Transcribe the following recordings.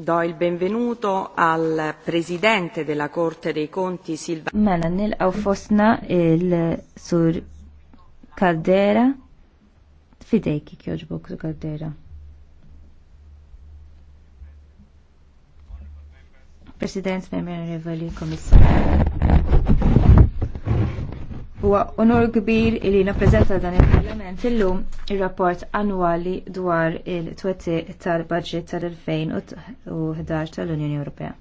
Do il benvenuto al Presidente della Corte dei Conti Silva. Mela nilqaw fosna il-Sur Caldera. Fidejki kjoġbok Sur Caldera. President, Memorevoli Komissar. Huwa onor kbir li nappreżenta dan il-Parlament illum ir-rapport annwali dwar il-twetti tal-budget tal-2011 tal-Unjoni Ewropea.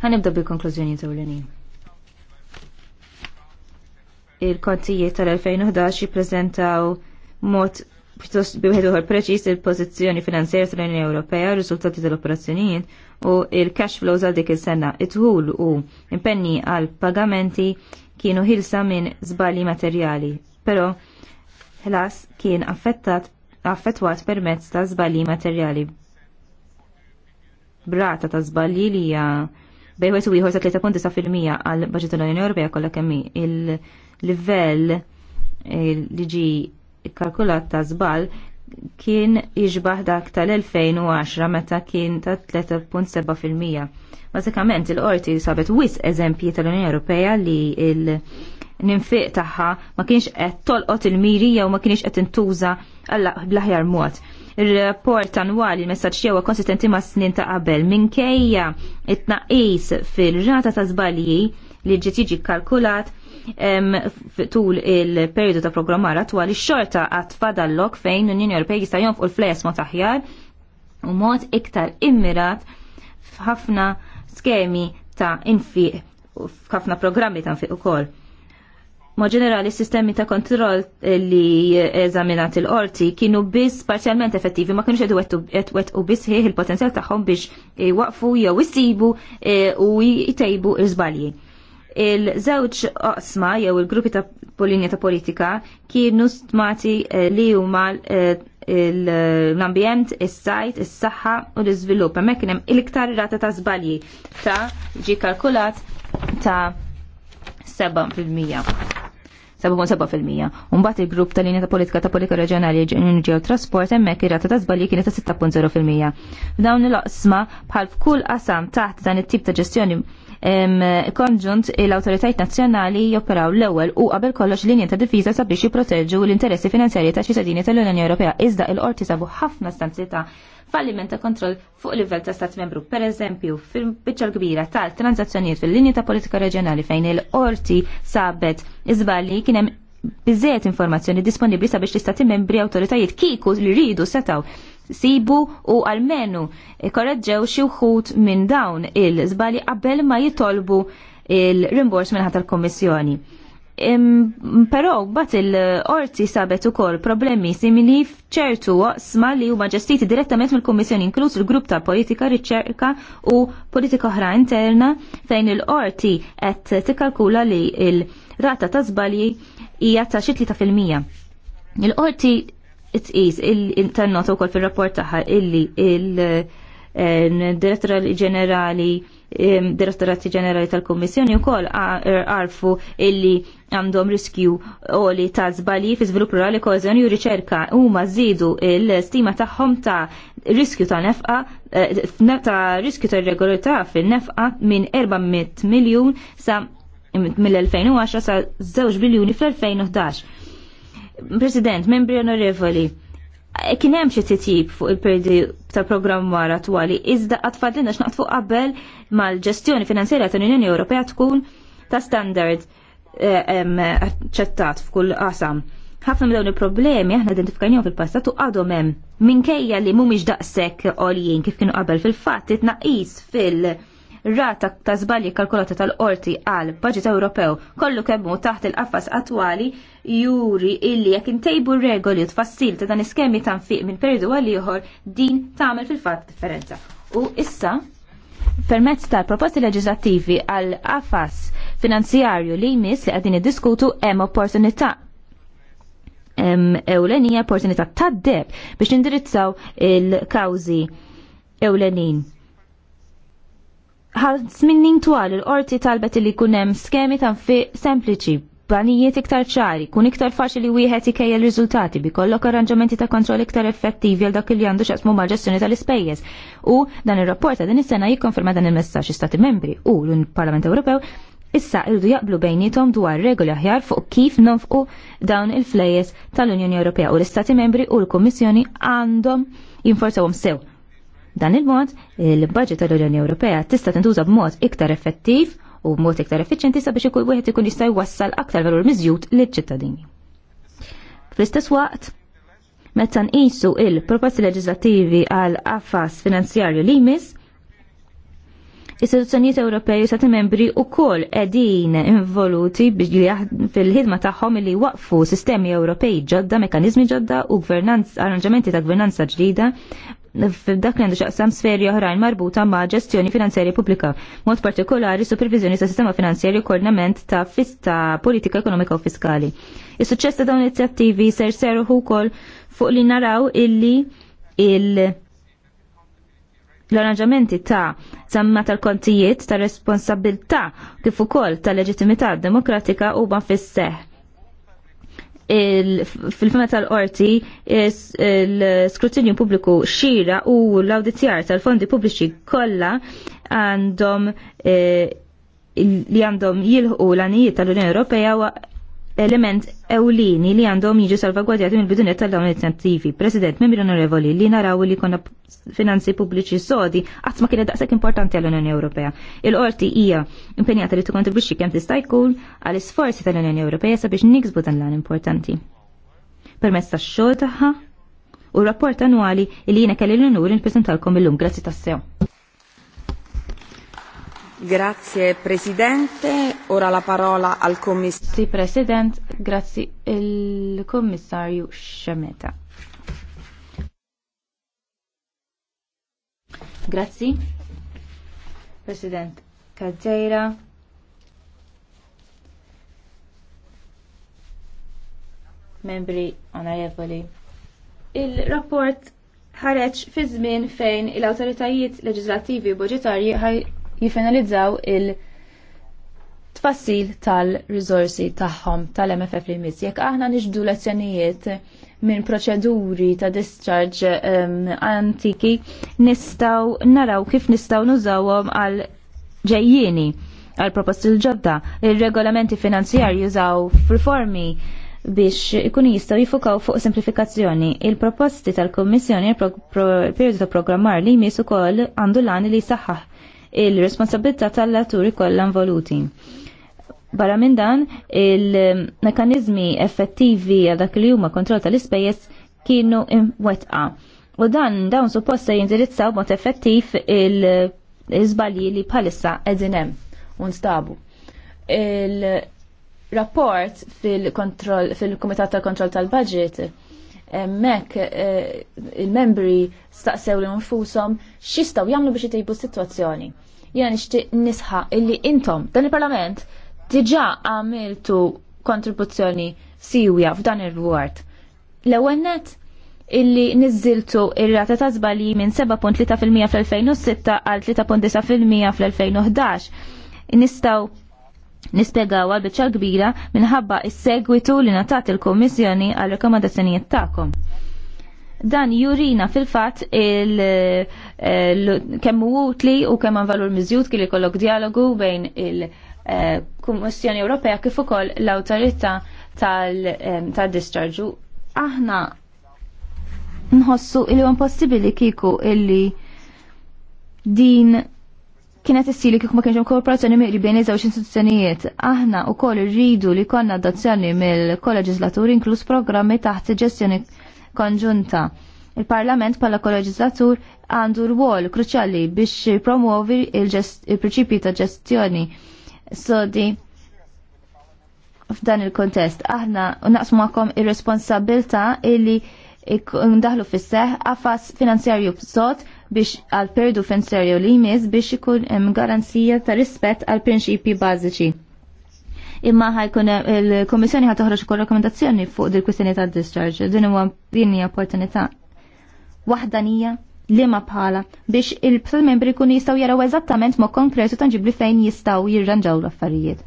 Ħanibda bil-konklużjoni ewlenin. Il-kontijiet tal-2011 jippreżentaw mod pjuttost biħed uħor preċis il-pożizzjoni finanzjarja tal-Unjoni Ewropea u r-riżultati tal-operazzjonijiet u il-cash flows għal dik il-sena. Itħul u impenni għal pagamenti kienu ħilsa minn zbali materjali, pero ħlas kien affettat affettwat permezz ta' zbali materjali. Brata ta' zbali li hija bejwet u ieħor sa 3.9% għal baġit l-Unjoni Ewropea kollha kemm il-livell eh, li ġi kalkulat ta' zbal kien jiġbaħ dak tal-2010 meta kien ta' 3.7%. Bazzikament il-qorti sabet wis eżempji tal-Unjoni Ewropea li il- ninfiq taħħa ma kienx qed tolqot il-miri jew ma kienx qed intuża bl-aħjar mod. Ir-rapport annwali messaġġ jew konsistenti ma' snin ta' qabel minkejja it-tnaqqis fil-rata ta' żbalji li ġiet jiġi kalkulat tul il-periodu ta' programmar attwali xorta għat fadallok fejn l-Unjoni Ewropej jista' jonfqu l flejas mod aħjar u mod iktar immirat f'ħafna skemi ta' infiq u f'ħafna programmi ta' infiq ukoll. Ma ġenerali, sistemi ta' kontroll li eżaminat il-qorti kienu biss parzjalment effettivi, ma kienux għet u biss il-potenzjal tagħhom biex eh, waqfu jew isibu eh, u jtejbu żbalji Il-żewġ oqsma jew il-gruppi ta' polinja ta' politika kienu stmati eh, li huma eh, l-ambjent, is-sajt, is-saħħa u l-iżvilupp. Hemmhekk kien hemm il-iktar rata ta' żbalji ta' ġi kalkulat ta' 7%. 7.7%. Umbat il-grupp tal-linja ta' politika ta' politika reġjonali enerġija u trasport hemmhekk ir-rata ta' żbalji kienet ta' 6.0%. F'dawn il-oqsma bħal f'kull qasam taħt dan it-tip ta' ġestjoni konġunt l-autoritajt nazzjonali joperaw l-ewwel u qabel kollox linja ta' difiża sabiex jipproteġu l-interessi finanzjarji ta' ċittadini tal-Unjoni Ewropea iżda il-qorti sabu ħafna stanzi ta' falliment ta' kontroll fuq livell ta' stat membru. Per eżempju, fil-bicċa kbira tal-transazzjonijiet fil-linji ta' politika reġjonali fejn il-qorti sabet iżballi kien hemm biżejjed informazzjoni disponibli sabiex l-istati membri awtoritajiet kieku li ridu setaw sibu u għalmenu korreġġew xi wħud minn dawn il-żbali qabel ma jitolbu il-rimbors minn tal-Kommissjoni. Però bat il-orti sabet ukoll problemi simili f'ċertu waqsma li huma ġestiti direttament mill-Kummissjoni inkluż il-grupp ta' politika riċerka u politika oħra interna fejn il-orti qed tikkalkula li il-rata ta' żbalji hija ta' xi 3 fil-mija. Il-qorti it tqis il-tannota u kol fil-rapport taħħa illi il-direttora eh, ġenerali direttorati ġenerali tal-Kommissjoni u kol għarfu er, illi għandhom riskju u li ta' zbali fi zvilup rurali kozjoni u riċerka u ma l il-stima taħħom ta' riskju ta' nefqa eh, ta' riskju ta' irregolarità fin nefqa minn 400 miljun sa' mill-2010 sa' 2 biljuni fl-2011 President, membri onorevoli, e, kien hemm xi titjib fuq il-perdi ta' programm wara twali, iżda għatfadlina x'naqtfu qabel mal-ġestjoni finanzjarja tal-Unjoni Ewropea tkun ta' standard e, aċċettat f'kull qasam. Ħafna minn dawn il-problemi aħna identifikajnihom fil-passat u għadhom hemm minkejja li mhumiex daqshekk għoljin kif kienu qabel fil-fatt itnaqis fil-, -fil rata ta' żbalji kalkulata tal-qorti għal budget Ewropew kollu kemmu taħt il-qafas attwali juri illi jekk intejbu regoli u tfassil ta' dan iskemi ta' nfiq minn periodu għal ieħor din tagħmel fil-fatt differenza. U issa permezz tal-proposti leġislattivi għal qafas finanzjarju li jmiss li qegħdin iddiskutu hemm opportunità ewlenija opportunità tad-deb biex nindirizzaw il-kawżi ewlenin ħazminnin twal il-qorti talbet li kunem skemi ta' fi sempliċi banijiet iktar ċari, kun iktar faċli wieħed ikejja l-riżultati bi kollok arranġamenti ta' kontroll iktar effettivi għal dak li għandu xaqsmu ma' ġestjoni tal-ispejjeż. U dan ir-rapport ta' din is-sena jikkonferma dan il-messaġġ istati membri u l-Parlament Ewropew issa irdu jaqblu bejnietom dwar regoli aħjar fuq kif nonfqu dawn il-flejes tal-Unjoni Ewropea u l-Istati membri u l-Kummissjoni għandhom jinforzawhom sew Dan il-mod, il-budget tal-Unjoni Ewropea tista' tintuża b'mod iktar effettiv u b'mod iktar effiċjenti sabiex ikun wieħed ikun jista' jwassal aktar valur miżjud liċ-ċittadini. Fl-istess waqt, meta nqisu il-proposti leġislattivi għal affas finanzjarju li jmiss, istituzzjonijiet Ewropej u stati membri u koll edin involuti fil-ħidma tagħhom li waqfu sistemi Ewropej ġodda, mekanizmi ġodda u arranġamenti ta' gvernanza ġdida f'dak li għandu xaqsam sferi oħrajn marbuta ma' ġestjoni finanzjarja pubblika, mod partikolari supervizjoni ta' sistema finanzjarju koordinament ta' fista politika ekonomika u fiskali. Is-suċċess ta' dawn inizjattivi ser serħu wkoll fuq li naraw illi il- l-arranġamenti ta' zamma tal-kontijiet ta' responsabilta' kif ukoll ta' leġittimità demokratika u ban fis-seħ fil-fema tal-qorti l-skrutinju pubbliku xira u l-audizjar tal-fondi pubbliċi kollha għandhom eh, li għandhom jilħu l-anijiet tal-Unjoni Ewropea element ewlini li għandhom jiġu salvagwadjati mill bidunet tal-dawn l-inizjattivi. President, membri onorevoli, li naraw li konna finanzi pubbliċi sodi, għatma kienet daqsek importanti għall-Unjoni Ewropea. Il-qorti hija impenjata li tikkontribwixxi kemm tista' jkun għall isforzi tal-Unjoni Ewropea sabiex niksbu dan l-għan importanti. Permezz tax-xogħol tagħha u rapport annwali li jiena kelli l-unur nippresentalkom illum. Grazzi tassew. Grazie Presidente, ora la parola al Commissario. Sì President, grazie il Commissario Scemeta. Grazie. President Caggeira. Membri onorevoli. Il-rapport ħareġ fi żmien fejn l awtoritajiet leġislattivi u budġetarji jifinalizzaw il- tfassil tal-rizorsi tagħhom tal-MFF li jmiss. Jekk aħna niġbdu lezzjonijiet minn proċeduri ta' discharge um, antiki, nistaw naraw kif nistaw nużawhom għal ġejjieni għal proposti l-ġodda. Il-regolamenti finanzjarji jużaw f'riformi biex ikun jistaw jifukaw fuq simplifikazzjoni. Il-proposti tal-Kommissjoni il-periodu ta' programmar li jmiss ukoll għandu l-għani li saħħaħ il-responsabilità tal-laturi kollha involuti. Barra minn dan, il-mekanizmi effettivi għal dak li huma kontroll tal-ispejjeż kienu imwetqa. U dan dawn supposta jindirizzaw mod effettiv il-żbalji li bħalissa qegħdin hemm u nstabu. Il-rapport fil-Kumitat tal-Kontroll tal-Budget Mek eh, il-membri staqsew li nfusom xistaw jamlu biex jtejbu situazzjoni. Jena nishtiq nisħa illi intom dan il-parlament diġa għamiltu kontribuzzjoni siwja f'dan il-rigward. L-ewwel illi nizziltu il rata ta' zbali minn 7.3% fl-2006 għal 3.9% fl-2011. Nistaw nispjegaw għal kbira minħabba is-segwitu li natat il komissjoni għal rekomandazzjonijiet tagħkom. Dan jurina fil-fatt kemm utli u kemm valur miżjud kien ikollok dialogu bejn il-Kummissjoni eh, Ewropea kif ukoll l-awtorità tal-discharġu. Aħna nħossu il possibili kiku illi din kienet issili kif ma kienx kooperazzjoni miqri bejn iż-żewġ istituzzjonijiet. Aħna wkoll irridu li konna adozzjoni mill kolleġislatur inkluż programmi taħt ġestjoni konġunta. Il-Parlament pala kolleġislatur għandu rwol kruċjali biex promuovi il-prinċipji ta' ġestjoni sodi f'dan il-kontest. Aħna naqsmu għakom ir-responsabilta illi ndaħlu fis-seħ għafas finanzjarju sod biex għal perdu fen serju li jmiss biex ikun hemm garanzija ta' rispett għal prinċipi bażiċi. Imma ħajkun il-Komissjoni ħat toħroġ ukoll rekomendazzjoni fuq dil kwistjoni ta' discharge. Din huwa din hija opportunità waħdanija li ma bħala biex il-psal membri kun jistaw jaraw eżattament mo' konkretu tanġibli fejn jistaw jirranġaw l-affarijiet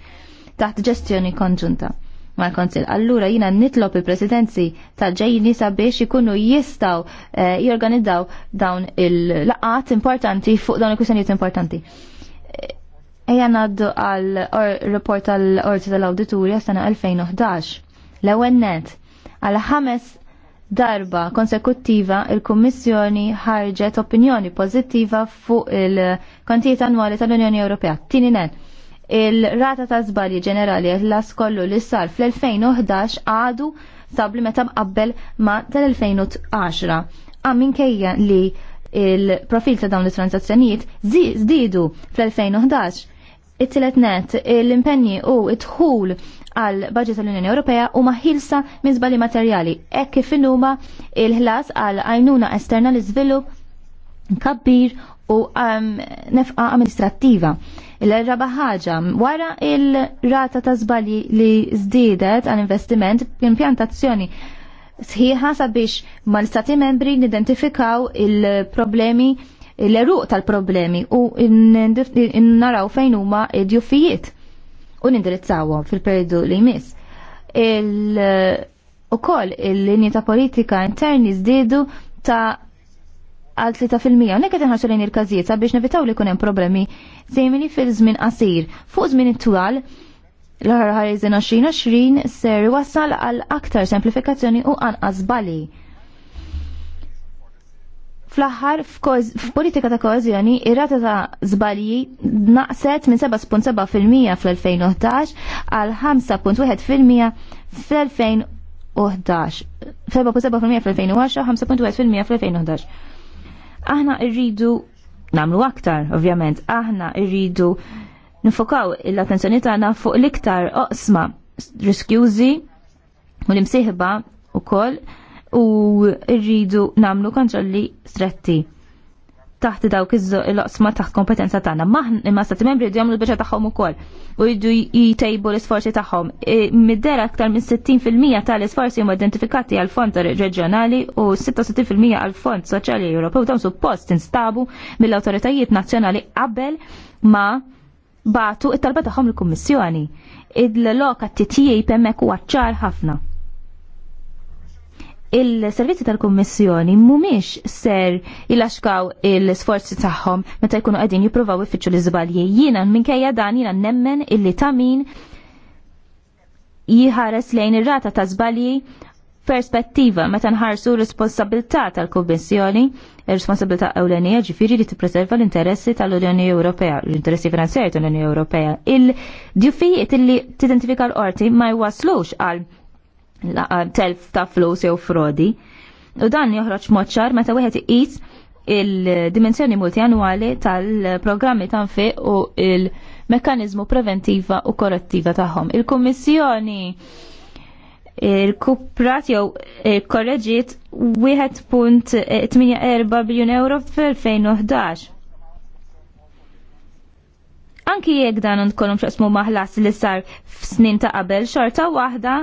taħt ġestjoni konġunta mal-Konsil. Allura jina nitlob il-presidenzi tal-ġejjini sabiex ikunu jistaw eh, jorganizzaw dawn il-laqat importanti fuq dawn il-kwistjonijiet importanti. Eh, ejja naddu għal report tal-Orti tal-Awditurja sena 2011. L-ewwel net għal ħames darba konsekuttiva il-Kummissjoni ħarġet opinjoni pożittiva fuq il-kontijiet annwali tal-Unjoni Ewropea. Tini net il-rata ta' zbalji ġenerali għetlas kollu li sar fl-2011 għadu sabli meta mqabbel ma' tal-2010. Għammin kejja li il-profil ta' dawn il-transazzjonijiet zdidu fl-2011 it-tilet net l-impenni u it-ħul għal budget tal-Unjoni Ewropea u maħilsa minn zbali materjali. Ekk kif huma il-ħlas għal għajnuna esterna l-izvilup kabbir u um, nefqa amministrattiva. Il-raba ħaġa, wara il-rata ta' żbalji li żdiedet għal investiment impjantazzjoni sħiħa sabiex mal stati membri nidentifikaw il-problemi l-eruq tal-problemi u naraw fejn huma id-djufijiet u nindirizzawhom fil-periodu li jmiss. Il- il-linji ta' politika interni zdidu ta' għal 3% unek qed inħarsu lejn il-każijiet sabiex nevitaw li kunem hemm problemi sejmini fil-żmien qasir. Fuq żmien it-twal l-ħar ħarizin 2020 ser wassal għal aktar semplifikazzjoni u anqas bali. Fl-aħħar f'politika ta' koeżjoni ir-rata ta' żbalji naqset minn 7.7% fl-2011 għal 5.1% fl-2011. 7.7% fl-2010 u 5.1% fl-2011. Aħna rridu namlu aktar, ovvjament, aħna rridu nifokaw l-attenzjoni tagħna fuq l-iktar oqsma riskjużi u l-imsieħba u koll u rridu namlu kontrolli stretti taħt dawk il-loqsma taħt kompetenza tagħna. Imma stati membri jdu jagħmlu biċċa tagħhom ukoll u jdu jtejbu l-isforzi tagħhom. Middera aktar minn 60% tal-isforzi huma identifikati għal fond reġjonali u 66% għal fond soċjali Ewropew dawn suppost instabu mill-awtoritajiet nazzjonali qabel ma batu it-talba tagħhom il-Kummissjoni. Id-loka t-titjib hemmhekk huwa ċar ħafna il-servizzi tal-Kummissjoni mhumiex ser ilaxkaw il-sforzi tagħhom meta jkunu qegħdin jippruvaw ifittxu l-iżbalji. Jiena minkejja dan jiena nemmen illi tamin jiħares lejn ir-rata ta' żbalji perspettiva meta nħarsu responsabilità tal-Kummissjoni, responsabilità ewlenija ġifiri li tippreserva l-interessi tal-Unjoni Ewropea, l-interessi finanzjari tal-Unjoni Ewropea. Il-djufijiet illi tidentifika l-qorti ma jwaslux għal telf ta' flus jew frodi. U dan joħroġ moċċar meta wieħed iqis il-dimensjoni multianwali tal-programmi tanfi u il-mekkanizmu preventiva u korrettiva tagħhom. Il-Kummissjoni il-kuprat jew korreġiet 1.84 biljun euro fil-2011 Anki jekk dan kollum xaqsmu maħlas li sar f-snin ta' qabel, xorta waħda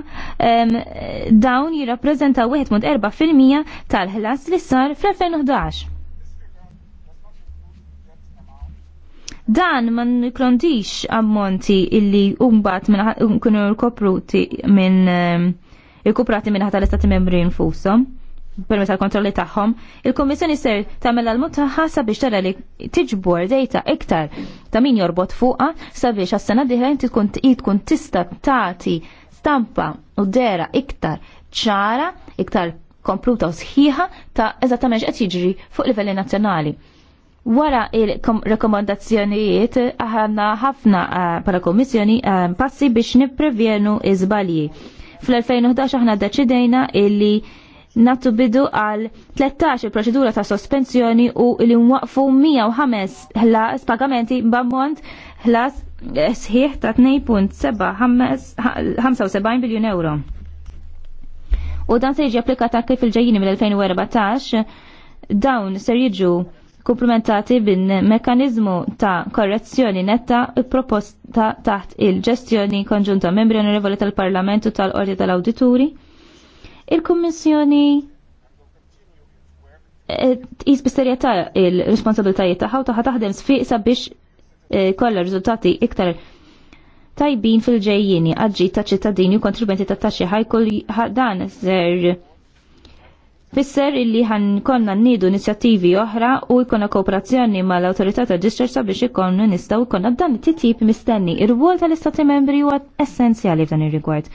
dawn jirrappreżentaw 1.4% tal-ħlas li sar fl-2011. Dan ma niklondix ammonti illi umbat minn kunu rkopruti minn irkuprati minn ħata l-istati membri nfusom permezz tal-kontrolli tagħhom, il-Kommissjoni ser tagħmel għal mutaħħa sabiex tara li tiġbor dejta iktar ta' min jorbot fuqha sabiex għas-sena diħen tkun tkun tista' tagħti stampa u dera iktar ċara, iktar kompluta u sħiħa ta' eżattament qed jiġri fuq livelli nazzjonali. Wara il-rekomandazzjonijiet aħna ħafna para eh, komissjoni eh, passi biex niprevjenu iżbalji. Fl-2011 aħna deċidejna illi natu bidu għal 13 proċedura ta' sospensjoni u li nwaqfu 105 ħlas pagamenti b'ammont ħlas eh, sħiħ ta' 2.75 biljun euro. U dan se jiġi applikata kif il-ġejjini mill-2014 dawn ser jiġu komplementati bin mekanizmu ta' korrezzjoni netta proposta taħt il-ġestjoni konġunta membri onorevoli tal-Parlamentu tal-Ordi tal-Awdituri. tal tal qorti tal awdituri Il-Kummissjoni tqis eh, bis-serjetà il-responsabiltajiet tagħha u taħa taħdem sfiqsa biex eh, kollha riżultati iktar tajbin fil-ġejjini għadġi ta' ċittadini u kontribenti ta' taxxi ħajkol dan ser Fisser illi ħan konna nidu inizjattivi oħra u jkonna kooperazzjoni ma l-autorità ta' ġistrarsa sabiex ikonna nistaw ikonna dan it-tip mistenni. ir wol tal-istati membri huwa essenzjali f'dan ir-rigward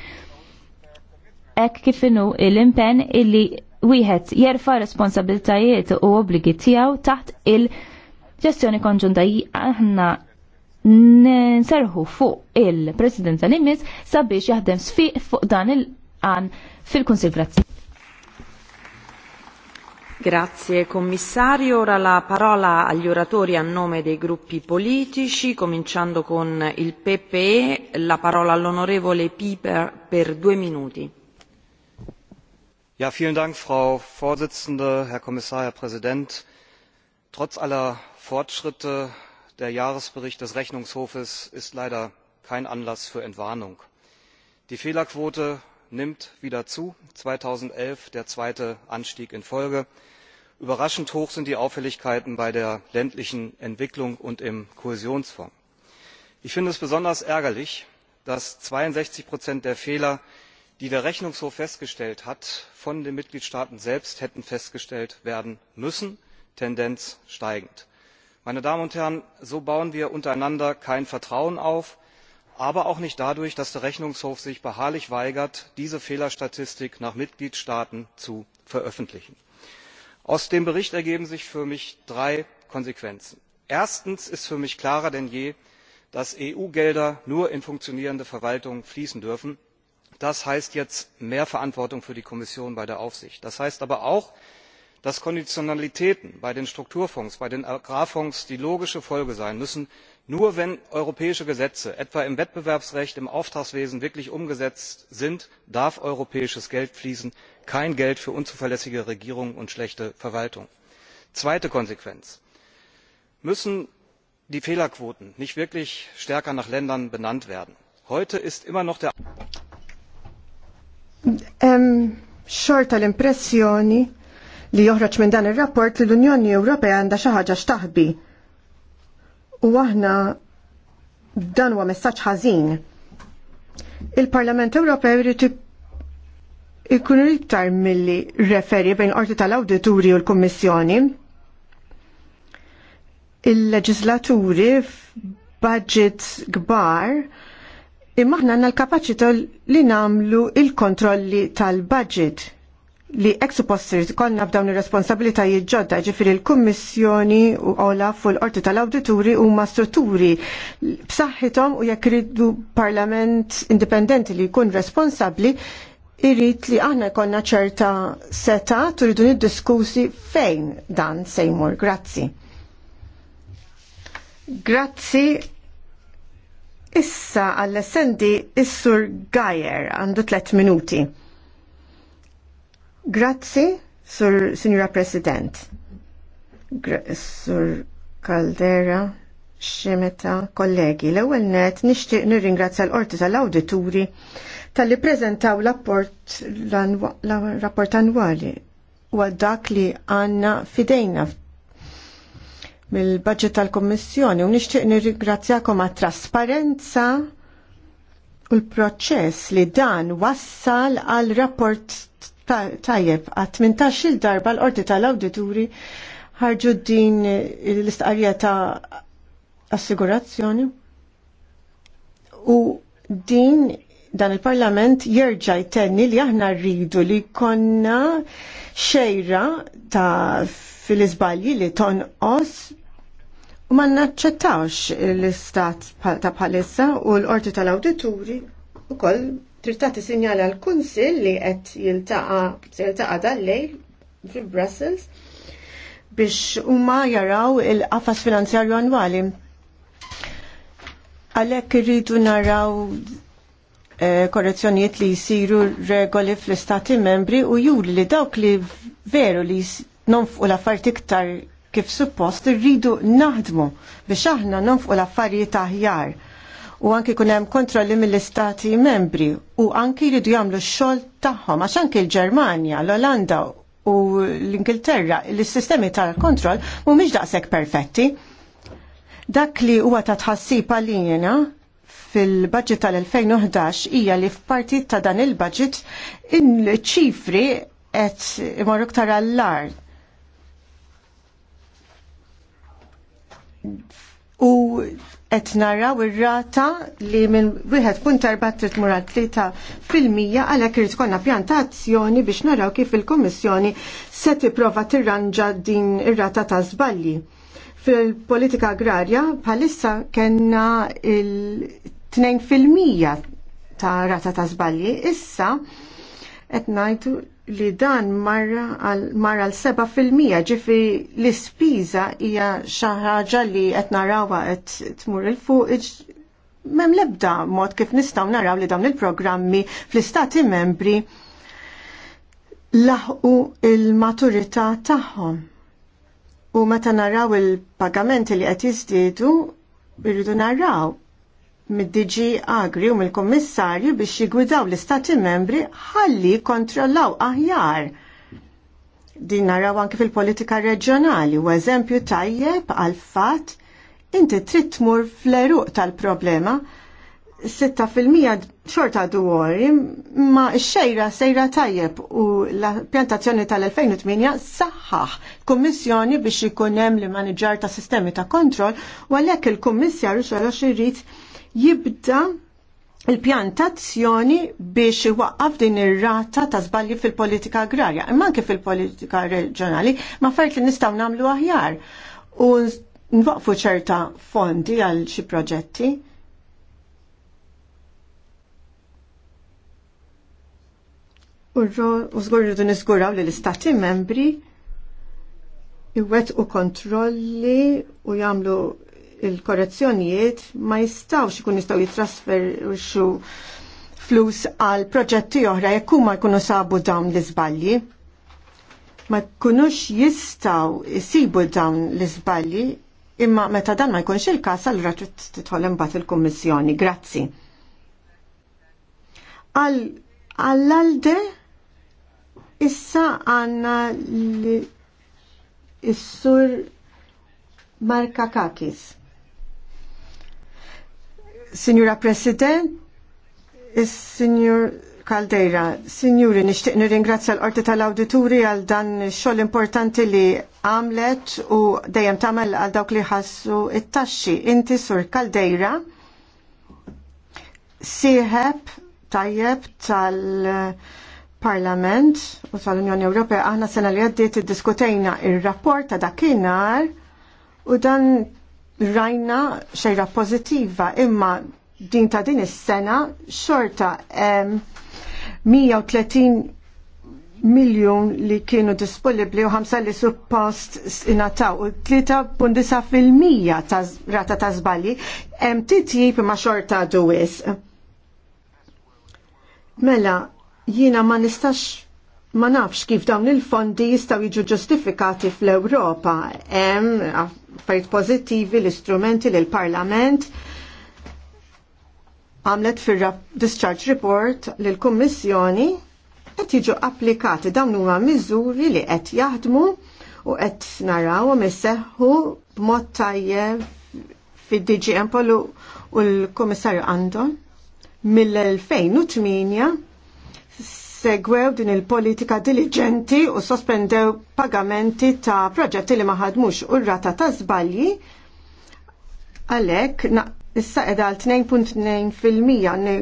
hekk kif il l-impenn illi wieħed jerfa responsabiltajiet u obbligi tiegħu taħt il-ġestjoni konġunta aħna nserħu fuq il-President tal-Immis sabiex jaħdem sfiq fuq dan il-għan fil-Kunsil Grazzi. Grazie Commissario. Ora la parola agli oratori a nome dei gruppi politici, cominciando con il PPE. La parola all'onorevole Piper per due minuti. Frau Vorsitzende, Herr Kommissar, Herr Präsident. Trotz aller Fortschritte der Jahresbericht des Rechnungshofes ist leider kein Anlass für Entwarnung. Die Fehlerquote nimmt wieder zu. zweitausendelf der zweite Anstieg in Folge. Überraschend hoch sind die Auffälligkeiten bei der ländlichen Entwicklung und im Kohäsionsfonds. Ich finde es besonders ärgerlich, dass zweiundsechzig Prozent der Fehler die der rechnungshof festgestellt hat von den mitgliedstaaten selbst hätten festgestellt werden müssen tendenz steigend. meine damen und herren so bauen wir untereinander kein vertrauen auf aber auch nicht dadurch dass der rechnungshof sich beharrlich weigert diese fehlerstatistik nach mitgliedstaaten zu veröffentlichen. aus dem bericht ergeben sich für mich drei konsequenzen erstens ist für mich klarer denn je dass eu gelder nur in funktionierende verwaltungen fließen dürfen Das heißt jetzt mehr Verantwortung für die Kommission bei der Aufsicht. Das heißt aber auch, dass Konditionalitäten bei den Strukturfonds, bei den Agrarfonds die logische Folge sein müssen. Nur wenn europäische Gesetze, etwa im Wettbewerbsrecht, im Auftragswesen, wirklich umgesetzt sind, darf europäisches Geld fließen, kein Geld für unzuverlässige Regierungen und schlechte Verwaltung. Zweite Konsequenz. Müssen die Fehlerquoten nicht wirklich stärker nach Ländern benannt werden? Heute ist immer noch der xorta l-impressjoni li joħroġ minn dan ir-rapport li l-Unjoni Ewropea għandha xi ħaġa xtaħbi. U aħna dan huwa messaġġ ħażin. Il-Parlament Ewropew irid ikun iktar milli referi bejn qorti tal-awdituri u l-Kummissjoni. Il-leġislaturi f'budgets kbar imma ħna għandna l-kapaċità li nagħmlu il-kontrolli tal-budget li ex-supposter konna b'dawn ir-responsabilitajiet ġodda ġifiri l-Kummissjoni u Olaf u l-Qorti tal-Awdituri huma strutturi b'saħħithom u jekk ridu parlament indipendenti li jkun responsabbli irrit li aħna jkollna ċerta seta turidu niddiskusi fejn dan sejmur. Grazzi. Grazzi Issa għall-essendi Issur Gajer għandu tlet minuti. Grazzi, Sur Signora President. Gra sur Caldera, Xemeta, kollegi, l ewwel net nixtieq nirringrazzja l-Qorti tal-Awdituri tal-li prezentaw l-rapport annwali u dak li għanna fidejna mill-budget tal-Kommissjoni u nixtieq nirringrazzjakom għat trasparenza u l-proċess li dan wassal għal rapport tajjeb għat 18 il darba l-ordi tal-awdituri ħarġu din l-istqarrija ta' assigurazzjoni u din dan il-Parlament jerġa' jtenni li aħna rridu li konna xejra ta' fil-iżbalji li tonqos u ma naċċettawx l-istat ta' bħalissa u l-qorti tal-awdituri u koll trittati sinjala l-Kunsil li qed jiltaqa jiltaqa dal-lejl fi Brussels biex huma jaraw il-qafas finanzjarju annwali. Għalhekk irridu naraw Eh, korrezzjonijiet li jisiru regoli fl-istati membri u juri li dawk li veru li nonfqu l-affarijiet iktar kif suppost irridu naħdmu biex aħna nonfqu l-affarijiet aħjar u anki kun hemm kontrolli mill-istati membri u anki jridu jagħmlu x-xogħol tagħhom għax anki l-Ġermanja, l-Olanda u l-Ingilterra l-sistemi tal-kontroll mhumiex daqshekk perfetti. Dak li huwa ta' tħassib għalina fil-budget tal-2011 hija li f'parti ta' dan il-budget il-ċifri qed imorru iktar għall-lar. U qed naraw ir-rata li minn wieħed punt erba' trid mura tlieta fil-mija għalhekk irid tkollna pjantazzjoni biex naraw kif il-Kummissjoni se tipprova tirranġa din ir-rata ta' żbalji. Fil-politika agrarja bħalissa kellna il 2% ta' rata ta' zbalji. Issa qed ngħidu li dan marra għal 7% ġifi l-ispiża hija xi ħaġa li qed narawha qed tmur il fuq mem lebda mod kif nistgħu naraw li dawn il-programmi fl-istati membri laħqu il-maturità tagħhom. U meta naraw il-pagamenti li qed jiżdiedu, irridu naraw mid-DG Agri u mill-Kommissarju biex jigwidaw l-Istati membri ħalli kontrollaw aħjar. Din naraw anki fil-politika reġjonali u eżempju tajjeb għal fatt inti trid tmur fl-eruq tal-problema 6% xorta duwori ma xejra sejra tajjeb u l-pjantazzjoni tal-2008 saħħaħ kummissjoni biex ikun hemm li maniġar ta' sistemi ta' kontroll u għalhekk il-kummissjar xogħol jrid jibda il-pjantazzjoni biex iwaqqaf din ir-rata ta' żbalji fil-politika agrarja, imma anke fil-politika reġjonali, ma fert li nistgħu nagħmlu aħjar u nwaqfu ċerta fondi għal xi proġetti. U zgurru nisguraw li l-istati membri iwet u kontrolli u jamlu il-korrezzjonijiet ma jistawx ikun jistaw jitrasferxu flus għal proġetti oħra jekk huma jkunu sabu dawn l-iżbalji. Ma jkunux jistaw isibu dawn l-iżbalji imma meta dan ma jkunx il-każ allura trid titħol imbagħad il-Kummissjoni. Grazzi. Għall-alde issa għandna is-sur Marka Kakis. Signora President, is-Signor Caldeira, Signori, nixtieq nirringrazzja l-Qorti tal-Awdituri għal dan xogħol importanti li għamlet u dejjem tagħmel għal dawk li ħassu it-taxxi. Inti sur Caldeira siħeb tajjeb tal-Parlament u tal-Unjoni Ewropea aħna sena li għaddiet iddiskutejna il rapport ta' dakinhar u dan rajna xejra pozittiva imma din ta' din is-sena xorta 130 miljon li kienu disponibli u ħamsa li suppost inataw u 3.9 fil-mija ta' rata ta' zbali hemm titjib ma' xorta duwis. Mela, jina ma nistax ma nafx kif dawn il-fondi jistaw jiġu ġustifikati fl-Ewropa. Hemm fajt pozittivi l-istrumenti li l-Parlament għamlet fir discharge report li l-Kommissjoni qed jiġu applikati dawn huma miżuri li qed jaħdmu u qed naraw misseħħu b'mod tajjeb fid dgm u l-Kummissarju għandhom mill-2008 segwew din il-politika diligenti u sospendew pagamenti ta' proġetti li ma ħadmux u rata ta' żbalji għalhekk issa qiegħda għal 2.2%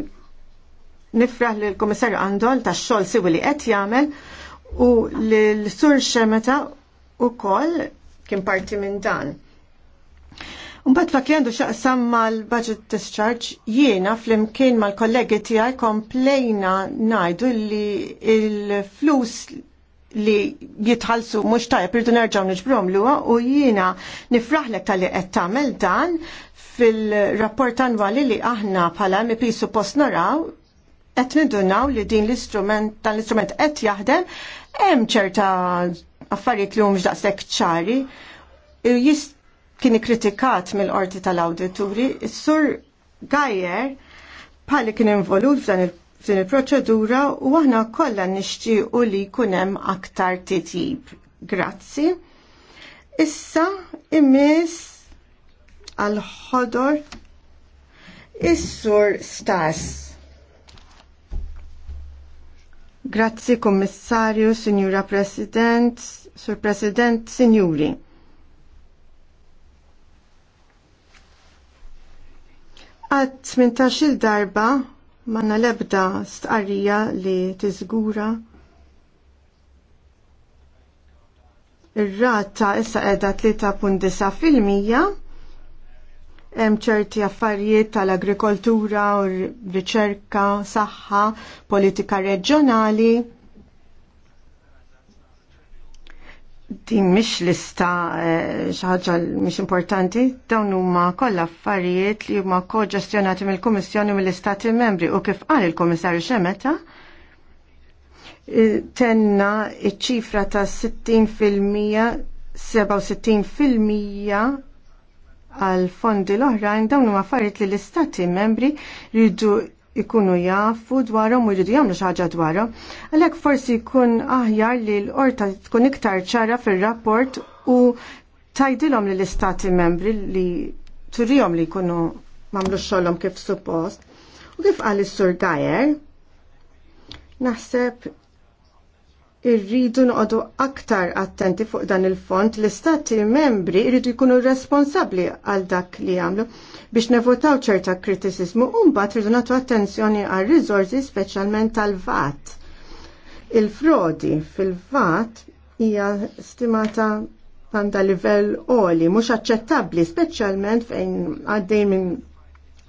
nifraħ li l komissar Andol ta' xol siwi li qed jagħmel u l-Sur Xemeta u kol kien parti minn dan. Unbat fak li għandu xaqsam mal-budget discharge, jiena fl-imkien mal-kollegi tijaj komplejna najdu li il-flus li jitħalsu mux tajb, rridu nerġaw nġbrom l u jiena nifraħlek tal-li qed tagħmel dan fil-rapport annwali li aħna bħala MP suppost naraw qed nidunaw li din l-istrument tal l-istrument qed jaħdem hemm ċerta affarijiet li hum daqshekk ċari kien ikkritikat mill-qorti tal-awdituri, is-sur Gajer bħali kien involut f'dan il- din il-proċedura u aħna kollha nixtiequ li jkun hemm aktar titjib. Grazzi. Issa imis għal ħodor is-sur Stas. Grazzi Kummissarju, Sinjura President, Sur President, Sinjuri. Għad 18 darba manna lebda stqarrija li tiżgura Ir-rata issa qiegħda 3.9 fil-mija hemm ċerti affarijiet tal-agrikoltura u r-riċerka, saħħa, politika reġjonali. din mish lista eh, xaħġa mish importanti, dawn huma kollha affarijiet li huma koġestjonati mill-Kummissjoni mill-Istati Membri u kif qal il-Kummissarju xemeta eh, tenna iċ-ċifra ta' 60% 67% għal fondi l-oħrajn dawn huma affarijiet li l-Istati Membri rridu ikunu jafu dwarhom u jridu jagħmlu xi ħaġa dwarhom. Għalhekk forsi jkun aħjar li l-qorta tkun iktar ċara fir-rapport u li lill istati membri li turihom li jkunu mamlu xogħolhom kif suppost. U kif qal is-Sur Gajer, naħseb irridu noqogħdu aktar attenti fuq dan il-font l-istati membri jridu jkunu responsabbli għal dak li għamlu biex nevotaw ċerta kritisizmu u mbagħad irdu nagħtu attenzjoni għal rizorzi speċjalment tal-VAT. Il-frodi fil-VAT hija stimata għandha livell oli mhux aċċettabbli speċjalment fejn għaddej minn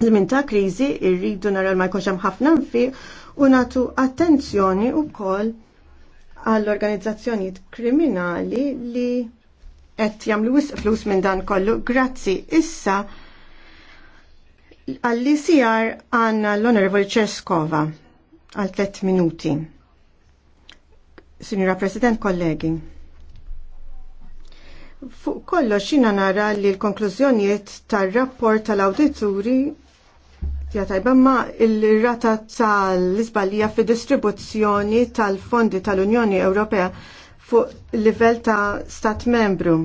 żmien ta' kriżi irridu naraw ma jkunx hemm ħafna fi u nagħtu attenzjoni wkoll għall-organizzazzjonijiet kriminali li qed jagħmlu wisq flus minn dan kollu. Grazzi issa Għall-ICR għanna l-Onorevoli Ceskova għal tlet minuti. Signora President, kollegi. Fuq kollox xina nara li l-konklużjonijiet tar-rapport tal-awdituri Ja tajba ma il-rata tal-izbalija fi distribuzzjoni tal-fondi tal-Unjoni Ewropea fuq livell ta' stat membru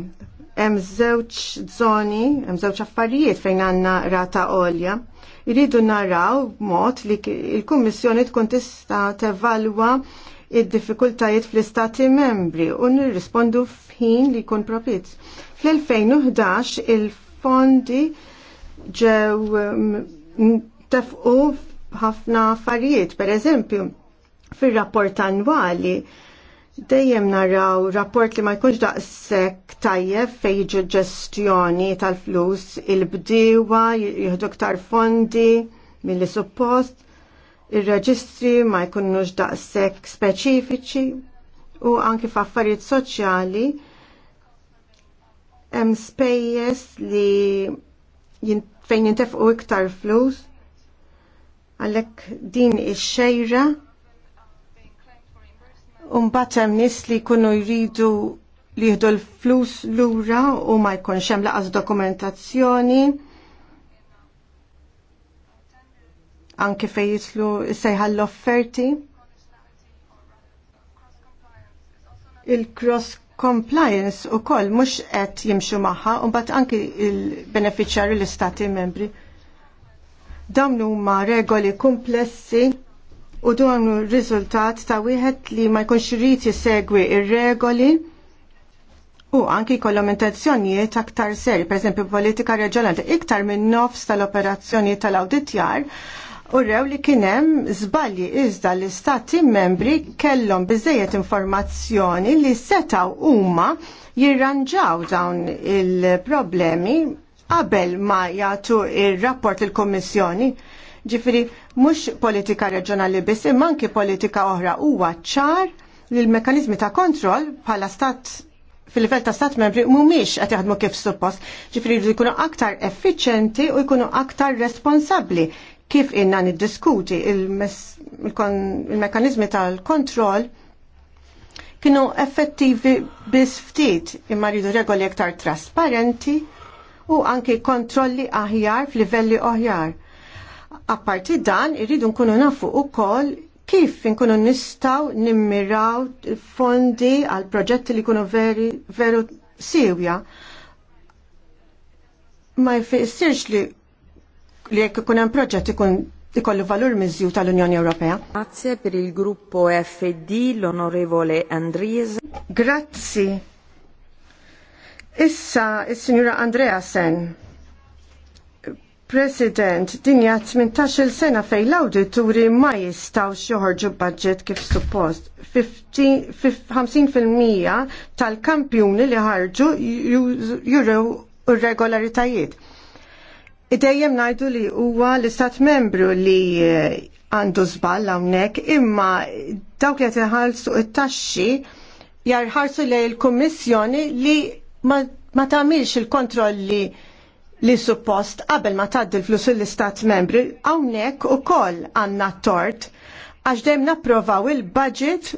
Hemm żewġ żoni, hemm żewġ affarijiet fejn għandna rata għolja. Iridu naraw mod li il-Kummissjoni tkun tista' tevalwa id-diffikultajiet fl-istati membri u nirrispondu f'ħin li jkun propit. Fl-2011 il-fondi ġew mm, mm, tefqu ħafna affarijiet, per eżempju, fil-rapport annwali Dejjem naraw rapport li ma jkunx daqshekk tajjeb fejn jiġu ġestjoni tal-flus il-bdiewa jieħdu ktar fondi milli suppost ir-reġistri ma jkunux daqshekk speċifiċi u anki f'affarijiet soċjali hemm spejjeż li fejn jintefqu iktar flus għalhekk din ix-xejra Umbat hemm nies li jkunu jridu li jieħdu l-flus lura u ma jkunx hemm laqas dokumentazzjoni. Anke fejn jislu sejħa l-offerti. Il-cross compliance u koll mux qed jimxu maħħa u bat anki il-beneficjari l-istati membri. Dawn huma regoli komplessi u dun riżultat ta' wieħed li ma jkunx irid jissegwi ir-regoli u anki kollom intenzjonijiet aktar seri, per esempio politika reġjonali iktar minn nofs tal-operazzjoni tal-auditjar u rew li kienem zbalji iżda l-istati membri kellhom biżejjed informazzjoni li setaw huma jirranġaw dawn il-problemi qabel ma jagħtu rapport il il rapport il kommissjoni Ġifiri, mux politika reġjonali biss, imma anke politika oħra huwa ċar li l-mekanizmi ta' kontroll bħala stat fil-livell ta' stat membri mhumiex qed jaħdmu kif suppost. ġifieri jridu jkunu aktar effiċenti u jkunu aktar responsabbli kif inna niddiskuti il-mekanizmi il tal-kontroll kienu effettivi biss ftit imma rridu regoli aktar trasparenti u anke kontrolli aħjar f'livelli oħjar Apparti dan, irridu nkunu nafu ukoll kif nkunu nistaw nimmiraw fondi għal proġetti li kunu veri, veru siwja. Ma jfissirx li li jekk ikun hemm proġett ikun ikollu valur miżju tal-Unjoni Ewropea. Grazie per il gruppo FD l-Onorevole Andries. Grazzi. Issa, il sinjura Andreasen. President, din hija 18-il sena fejn l-awdituri ma jistgħux joħorġu budget kif suppost. 50% tal-kampjuni li ħarġu juru irregolaritajiet. Idejjem ngħidu li huwa l-istat membru li eh, għandu żball hawnhekk, imma dawk li qed iħallsu it-taxxi jarħarsu lejn il kummissjoni li ma, ma tagħmilx il-kontrolli li li suppost qabel ma tgħaddi l-flus l-istat membri hawnhekk ukoll għandna tort għax dejjem napprovaw il-budget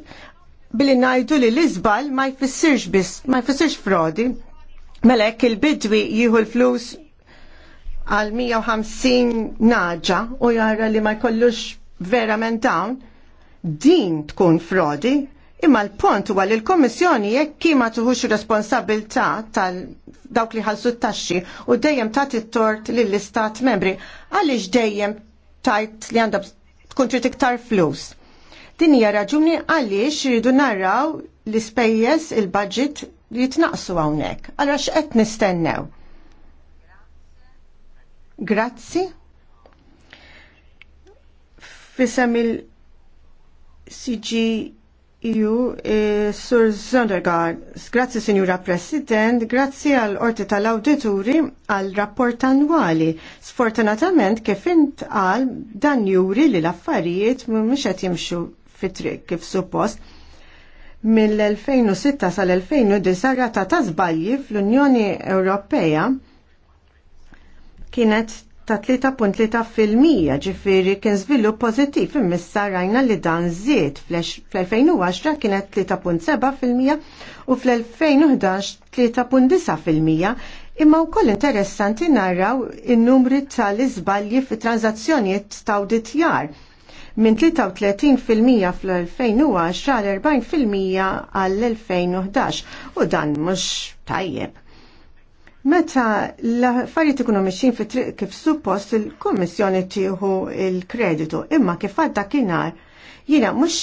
billi ngħidu li l-iżbal ma jfissirx biss, ma jfissirx frodi. Mela hekk il-bidwi jieħu l-flus għal 150 naġa u jara li ma jkollux verament dawn, din tkun frodi Imma l-punt huwa li l-Kommissjoni jekk kima tuħux responsabilità tal dawk li ħalsu t-taxxi u dejjem tagħti t-tort lill-istat membri għaliex dejjem tajt li għandha tkun trid iktar flus. Din hija raġuni għaliex iridu narraw l-ispejjeż il-budget li jitnaqsu hawnhekk. Allora x'qed nistennew? Grazzi. Fisem il-CG Iju, eh, Sur Zondergaard, grazzi Signora President, grazzi għal orti tal-auditori għal rapport annwali. Sfortunatament kif int għal dan juri li l-affarijiet mhumiex qed jimxu fitri kif suppost. Mill-2006 sal-2009 rata ta' żbalji fl-Unjoni Ewropea kienet ta' 3.3 fil-mija ġifiri kien żvilupp pożittiv immissa rajna li dan żied fl-2010 kienet 3.7 fil-mija u fl-2011 3.9 fil-mija imma wkoll interessanti narraw il numri tal-iżbalji fi tranzazzjonijiet ta' awditjar minn 33% fl-2010 għal 40% għall-2011 u dan mhux tajjeb Meta l-affarijiet ikunu mixin fi triq kif suppost il-Kommissjoni tieħu il-kreditu, imma kif għad dakinhar jiena mhux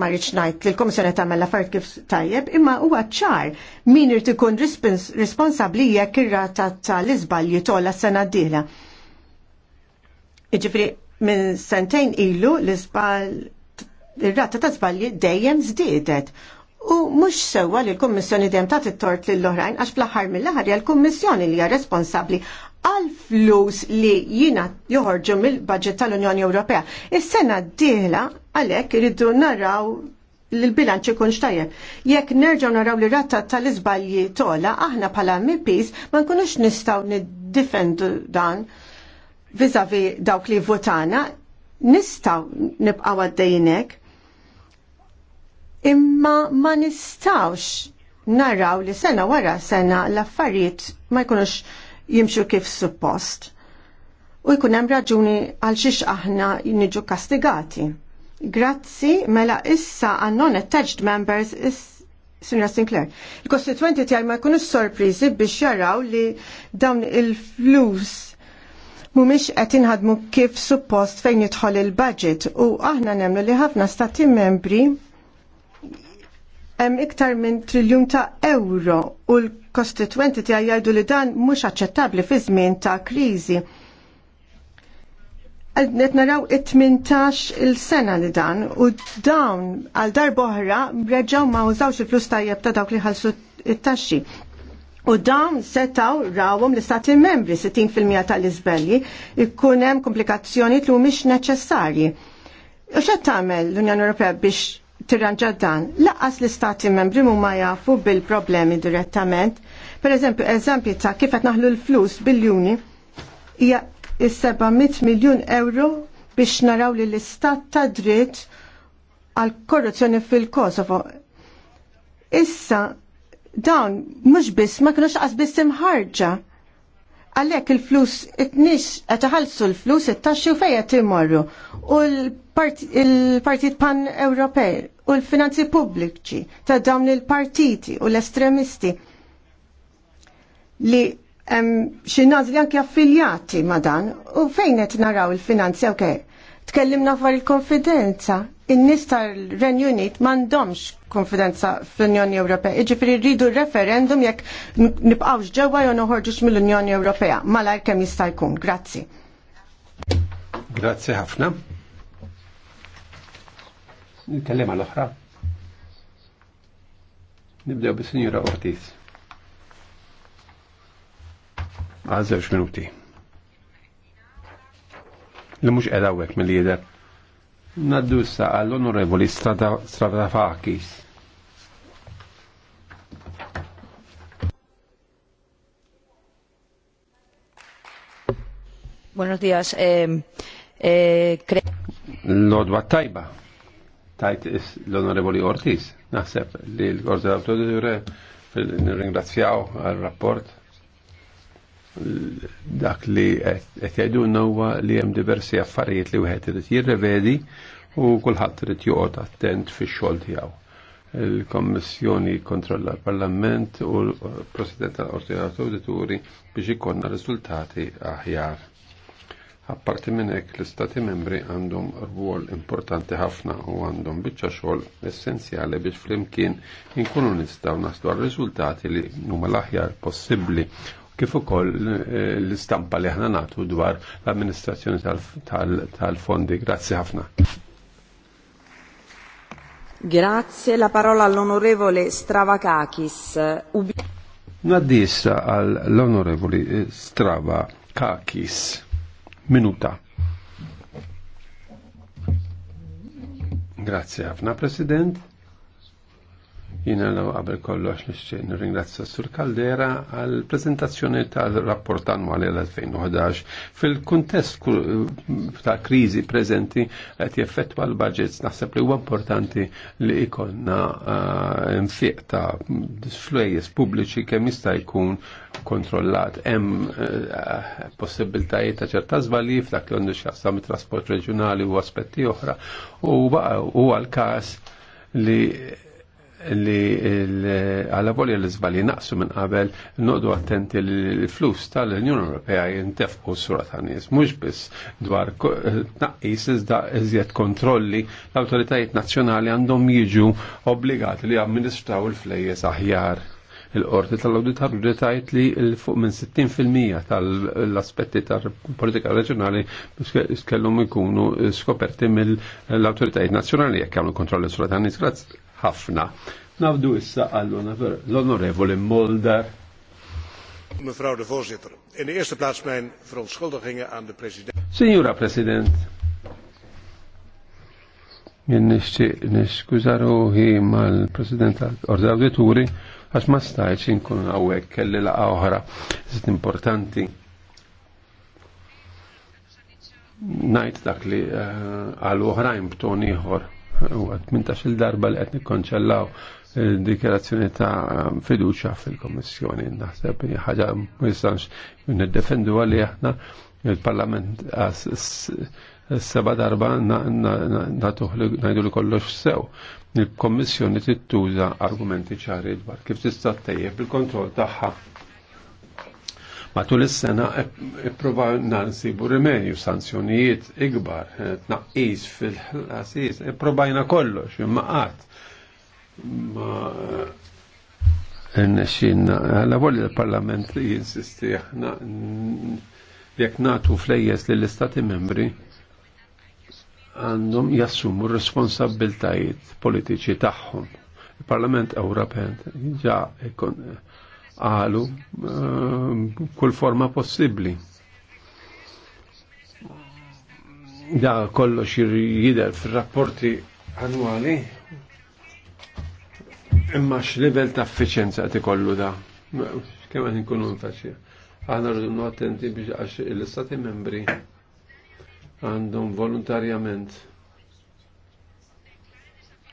ma rridx ngħid li l-Kommissjoni tagħmel l-affarijiet kif tajjeb, imma huwa ċar min irid ikun responsabbli jekk ir-rata tal-iżbalji s sena d-dieħla. Jiġifieri minn sentejn ilu l-iżbal ir-rata ta' żbalji dejjem żdiedet U mhux sewa li l-Kummissjoni dejjem tagħti t-tort lill oħrajn għax fl-aħħar mill-aħħar l-Kummissjoni li hija responsabbli għal flus li jina joħorġu mill-budget tal-Unjoni Ewropea. Is-sena d-dieħla għalhekk irridu naraw l-bilanċ ikun xtajjeb. Jekk nerġgħu naraw li ratta tal-iżbalji tola, aħna bħala MPs ma nkunux nistgħu niddifendu dan vizavi dawk li votana, nistgħu nibqgħu għaddejjinek Imma ma nistawx naraw li sena wara sena l-affarijiet ma jkunux jimxu kif suppost. U jkun hemm raġuni għal xiex aħna niġu kastigati. Grazzi, mela issa għannon attached members is Sinra Sinclair. Il-kostituenti tiegħi ma jkunux sorpriżi biex jaraw li dawn il-flus mhumiex qed inħadmu kif suppost fejn jidħol il-budget u aħna nemlu li ħafna stati membri hemm iktar minn triljun ta' euro u l-kostituenti tiegħi jgħidu li dan mhux aċċettabbli fi żmien ta' kriżi. Qed naraw it-18 il-sena li dan u dawn għal darba oħra reġgħu ma użawx il-flus tajjeb ta' dawk li ħallsu it-taxxi. U dawn setaw rawhom l-istati membri 60% tal-iżbelli jkun hemm komplikazzjoni li mhumiex neċessarji. U x'qed tagħmel l-Unjoni Ewropea biex tirranġa dan. Laqqas l-istati membri huma jafu bil-problemi direttament. Per eżempju, eżempju ta' kif qed naħlu l-flus bil-juni, hija is-700 miljun euro biex naraw li l-istat ta' dritt għal korruzzjoni fil-Kosovo. Issa dawn mhux biss ma kinux qas biss imħarġa. Għalhekk il-flus it-nix qed iħallsu l-flus it-taxxi u imorru. U l partit pan-Ewropej u l-finanzi pubbliċi ta' dawn il-partiti u l-estremisti li xi nażli anke affiljati ma' dan u fejn qed naraw il-finanzi ok. Tkellimna dwar il-konfidenza. In-nies tar-Renju Unit m'għandhomx konfidenza fl-Unjoni Ewropea. Jiġifieri rridu referendum jekk nibqgħux ġewwa jew noħorġux mill-Unjoni Ewropea. Malajr kemm jista' jkun. Grazzi. Grazzi ħafna. Nitkellem għal-oħra. Nibdew bis-Sinjura Ortiz. Għal żewġ minuti. Li mhux qed hawnhekk mill-lieder. Naddu issa għall-Onorevoli Stratafakis. Buenos días. Eh, eh, Lodwa Taiba tajt l-Onorevoli Ortiz. Naħseb li l-Gorza Autodure ringrazzjaw għal-rapport dak li qed jgħidu huwa li hemm diversi affarijiet li wieħed irid jirrevedi u kulħadd irid joqgħod attent fix-xogħol tiegħu. Il-Kommissjoni kontrolla l-Parlament u l-President tal-Ordinaturi biex ikonna riżultati aħjar. Apparti minn hekk l-Istati membri għandhom rwol importanti ħafna u għandhom biċċa xogħol essenzjali biex flimkien inkunu nistgħu naslu għar-riżultati li huma l-aħjar possibbli kif ukoll eh, l-istampa li aħna nagħtu dwar l-amministrazzjoni tal-fondi. Grazzi ħafna. Grazie, la parola all'onorevole Stravakakis. Nadissa all'onorevole eh, Stravakakis minuta. Grazie Afna President. Jina l qabel kollox nixtieq ringrazzja Sur Kaldera għal prezentazzjoni tal-rapport annwali għal-2011 fil-kuntest ta' kriżi preżenti qed jeffettwa l-budgets naħseb li huwa importanti li ikonna mfiq ta' flejjes pubbliċi kemm jista' jkun kontrollat. Hemm possibiltajiet ta' ċerta żbalji f'dak li għandu x'jaqsam it-trasport reġjonali u aspetti oħra u huwa l-każ li li għala volja l-izbali naqsu minn qabel noqdu attenti li l-flus tal-Unjoni Ewropea jintefqu s-sura ta' nies, mhux biss dwar tnaqqis iżda iżjed kontrolli l-awtoritajiet nazzjonali għandhom jiġu obbligati li għamministraw il-flejjes aħjar il-qorti tal-auditar tajt li fuq minn 60% tal-aspetti tal-politika reġjonali kellhom ikunu skoperti mill-awtoritajiet nazzjonali jekk għamlu kontrolli s tan-nies ħafna. Nafdu issa għall-onorevoli Molder. Mevrouw de voorzitter, in de eerste plaats mijn verontschuldigingen aan de president. Signora president, jien niskuza ruħi mal-president tal-orda awdituri għax ma stajċ inkun għawek kelli laqa oħra, zit importanti. Najt dak li eh, għal oħrajn b'ton 18 darba li qed nikkonċellaw eh, dikjerazzjoni ta' fiduċa fil-Kommissjoni. Naħseb li ħaġa ma jistax niddefendu għalli aħna il-Parlament seba darba ngħidu li kollox sew. Il-Kommissjoni tittuża argumenti ċari dwar kif tista' tejjeb il-kontroll tagħha Matul is-sena ippruvaw nansibu rimedju, sanzjonijiet ikbar, eh, tnaqqis fil ħlasis ippruvajna kollox, qatt. Ma eh, n-nexxinna, għal l-parlament jinsisti, jekk natu flejjes l-istati membri, għandhom jassumu responsabiltajiet politiċi tagħhom. Il-Parlament Ewropen ġa għalu eh, kull forma possibli. Da kollox jider fil-rapporti annwali imma x-level ta' effiċenza ti kollu da. Kemm ninkunu nkunu Għana rridu attenti biex għax l-istati membri għandhom volontarjament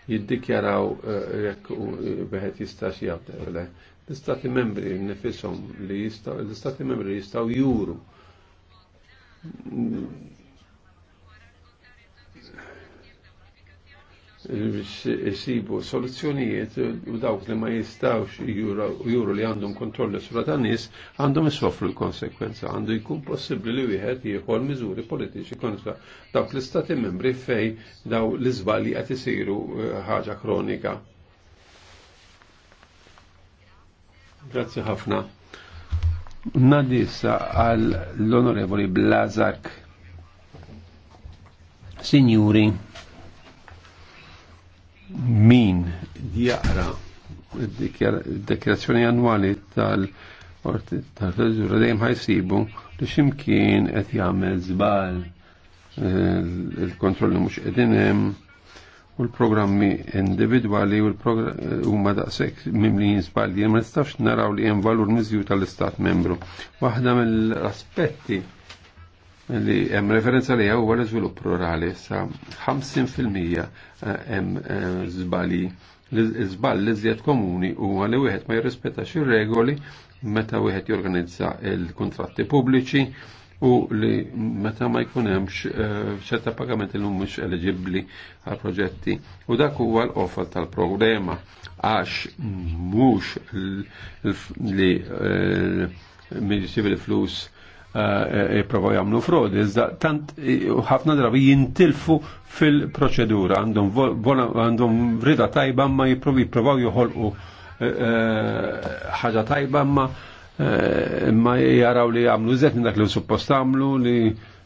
jiddikjaraw eh, jekk eh, beħet jistax jgħabdele l-istati membri nifisom li jistaw, l-istati membri jistaw juru. Sibu soluzzjonijiet u dawk li ma jistawx juru li għandhom kontrolli sura ta' nis għandhom isofru l-konsekwenza. Għandu jkun possibli li wieħed jieħol miżuri politiċi kontra dawk l-istati membri fej daw l-izbali qed isiru eh, ħaġa kronika. Grazie ħafna. Nadissa għal l-onorevoli Blazak. Signori, min jaqra id-dekjarazzjoni annwali tal- tal-reġura dejjem ħajsibu li ximkien qed jagħmel żbal eh, il-kontrolli mhux qegħdin hemm u l-programmi individuali u l-programma eh, daqsek mimlin zbalji, ma nistax naraw li jem valur mizju tal-istat membru. Waħda mill-aspetti li jem referenza li huwa l-izvilupp rurali, sa 50% jem zbali L-izbal li zjed komuni u għalli wieħed ma jirrispettax ir-regoli meta wieħed jorganizza il-kontratti pubbliċi u li meta ma jkun hemm eh, ċerta pagament li mhumiex eligibbli għal proġetti u dak huwa l-offer tal-problema għax mhux li eh, miġisib il-flus eh, jipprovaw jagħmlu frodi, iżda tant ħafna drabi jintilfu fil-proċedura għandhom rida tajba ma jipprovaw joħolqu ħaġa tajba ma' Eh, imma jaraw li għamlu zet dak li suppost għamlu li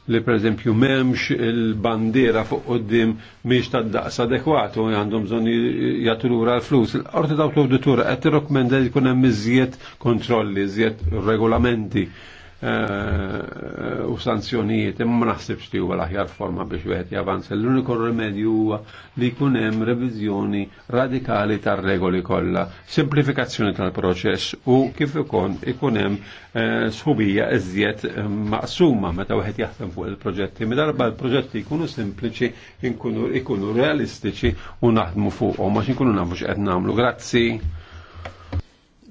li per eżempju memx il-bandiera fuq qoddim miex ta' daqs adekwatu għandhom bżon jagħtu lura l-flus. L-qorti ta' l-auditura qed tirrekomenda li jkun hemm kontrolli, iżjed regolamenti Eh, u sanzjonijiet, imma naħsibx li huwa l-aħjar forma biex wieħed javanza. L-uniku rimedju huwa li jkun hemm reviżjoni radikali tar-regoli kollha, simplifikazzjoni tal-proċess u kif ikun hemm eh, sħubija iżjed eh, maqsuma meta wieħed jaħdem fuq il-proġetti. Midarba l-proġetti jkunu sempliċi, jkunu realistiċi u naħdmu fuqhom għax inkunu nafux qed nagħmlu. Grazzi.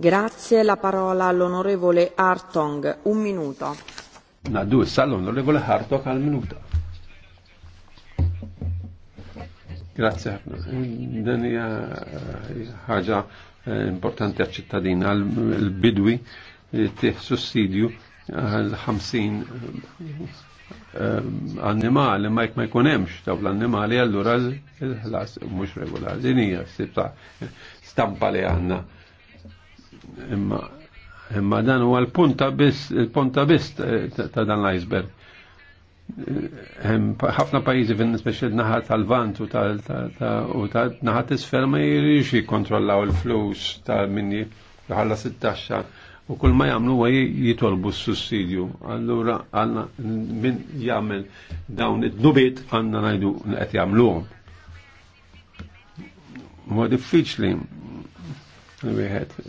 Grazie, la parola all'onorevole Hartong, un minuto. Naddu issa l-onorevole Hartong Grazie ħafna. Haja eh, eh, importanti għaċ-ċittadin għal-bidwi eh, sussidio al Hamsin annimali ma ma jkun hemmx daw l-annimali allura ħlas mhux regolari. Din hija stampa li għandna Imma imma dan huwa l-punta biss il-punta biss ta' dan l-iceberg. Ħafna pajjiżi fin speċi naħat tal-vant u ta' naħat isfer ma jirix jikkontrollaw il-flus ta' minni jħalla 16 u kull ma jamlu għaj jitolbu s-sussidju. Allura għanna minn jagħmel dawn id-nubiet għandna ngħidu qed jagħmluhom. Huwa diffiċli wieħed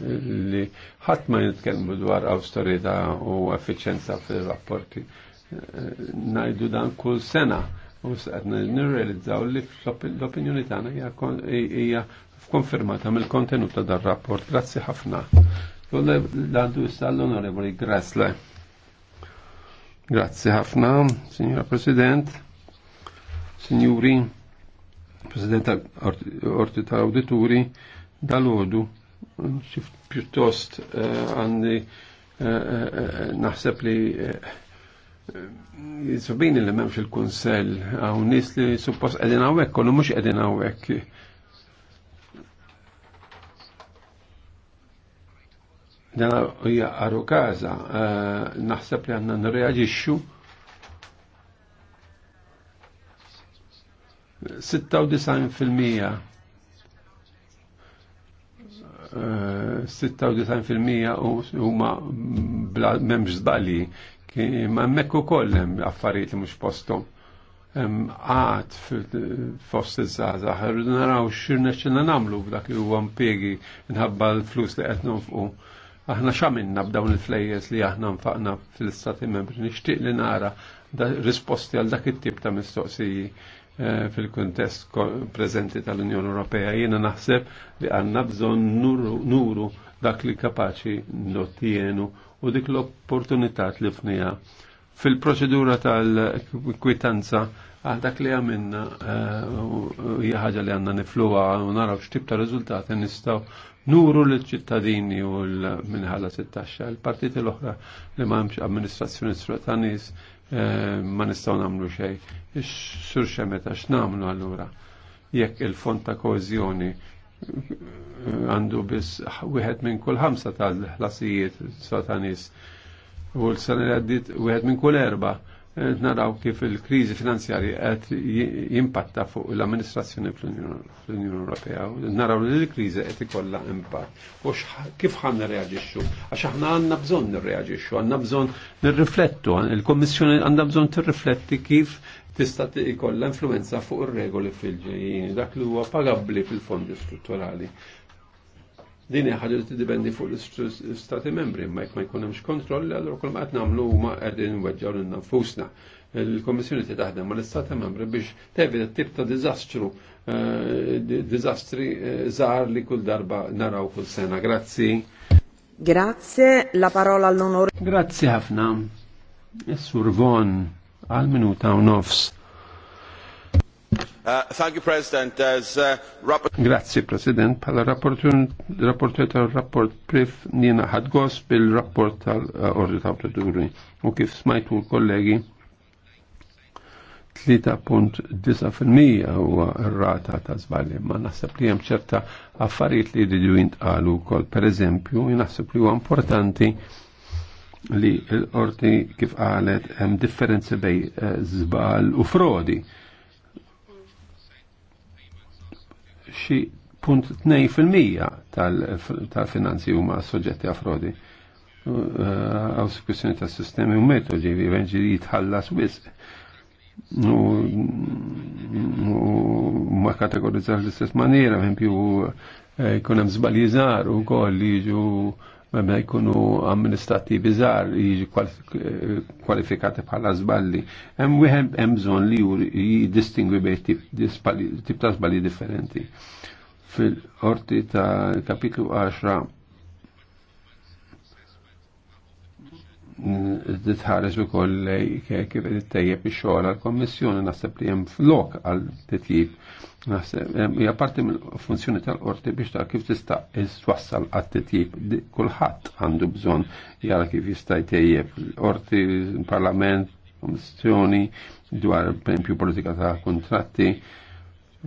li ħadd ma nitkellmu dwar awstorità u effiċenza fil-rapporti. Najdu dan kull sena u qed nirrealizzaw li l-opinjoni tagħna hija fkonfermata mill-kontenut ta' dan rapport. Grazzi ħafna. Għandu issa l-Onorevoli Grasle. Grazzi ħafna, Signora President, Signori, President Orti ta' Auditori, dal-ħodu pjuttost eh, għandi eh, eh, naħseb li jizobini li memx il-konsell għaw nis li suppost edin għawek, kollu mux edin għawek. Dana jgħaru kaza, naħseb li għanna nreagġiċu 96% 96% huma bla memx żbalji ma hemmhekk ukoll hemm affarijiet li mhux posthom. għad fost iż-żgħażagħ irridu naraw x'irna x'inna nagħmlu b'dak li huwa mpiegi nħabba l-flus li qed nonfqu. Aħna x'għamilna b'dawn il-flejjes li aħna nfaqna fil istati membri nixtieq li nara risposti għal dak it-tip ta' mistoqsiji. Eh, fil-kontest prezenti tal-Unjoni Ewropea. Jiena naħseb li għandna bżonn nuru dak li kapaċi nottienu u dik l-opportunità tlifnija. Fil-proċedura tal-kwitanza għal dak li għamilna eh, hija ħaġa li għandna nifluha u naraw x'tip ta' riżultati nistgħu nuru l-ċittadini u l-minħala 16 il-partiti l-oħra li ma' amministrazzjoni stratanis Eh, ma nistgħu nagħmlu xejn. Xur xemeta x'namlu allura jekk il-fond ta' kozjoni eh, għandu biss wieħed minn kull ħamsa tal-ħlasijiet sotanis. nies u l sani li għaddit wieħed minn kull erba' Eh, naraw kif il-krizi finanzjarji qed jimpatta fuq l-amministrazzjoni fl-Unjoni Ewropea, naraw li l-krizi qed ikollha impatt. U kif ħan nirreaġixxu? Għax aħna għandna bżonn nirreagġiċu, għandna bżonn nirriflettu, il-Kommissjoni għanna bżonn tirrifletti kif tista' ikolla influenza fuq ir-regoli fil ġejjini dak li huwa pagabbli fil-fondi strutturali. Din hija ħaġa li tiddependi fuq l-Stati membri, ma jekk ma jkun hemmx kontroll, allura kull ma qed nagħmlu huma qegħdin nweġġgħu lil nfusna. Il-Kommissjoni ti taħdem ma l membri biex tevita tip ta' diżastru, eh, diżastri eh, żgħar li kull darba naraw kull sena. Grazzi. Grazie, la parola all'onore. Grazie ħafna. Is-survon għal minuta u nofs. Uh, thank President. As, uh, Grazie, President. Pala rapportur tal-rapport prif nina ħadgos bil-rapport tal-ordi uh, ta' proċeduri. U kif smajtu l-kollegi, 3.9% huwa r-rata ta' zbali, ma naħseb li hemm ċerta affarijiet li jridu jintqalu wkoll. Pereżempju, naħseb li huwa importanti li l orti kif qalet hemm differenzi bej żbal u frodi xi punt 2% tal-finanzi huma soġġetti għafrodi. Eh, għaw kwestjoni ta' sistemi u metodi li jitħallas wis. U ma kategorizzar l-istess maniera, per esempio, eh, jkun hemm żbaljiżar ukoll li jiġu ma jkunu amministrativi żgħar jiġi eh, kwalifikati bħala zballi. Hemm wieħed hemm bżonn li jiddistingwi bejn tip ta' zballi differenti. Fil-qorti ta' kapitlu 10 titħares u koll kif tejjeb ix-xogħol għall-Kommissjoni naħseb li hemm flok għal titjib. Naħseb hija parti mill-funzjoni tal-qorti biex ta' kif tista' twassal għat titjib. Kulħadd għandu bżonn jara kif jista' jtejjeb l-qorti, parlament, kommissjoni dwar per politika ta' kontratti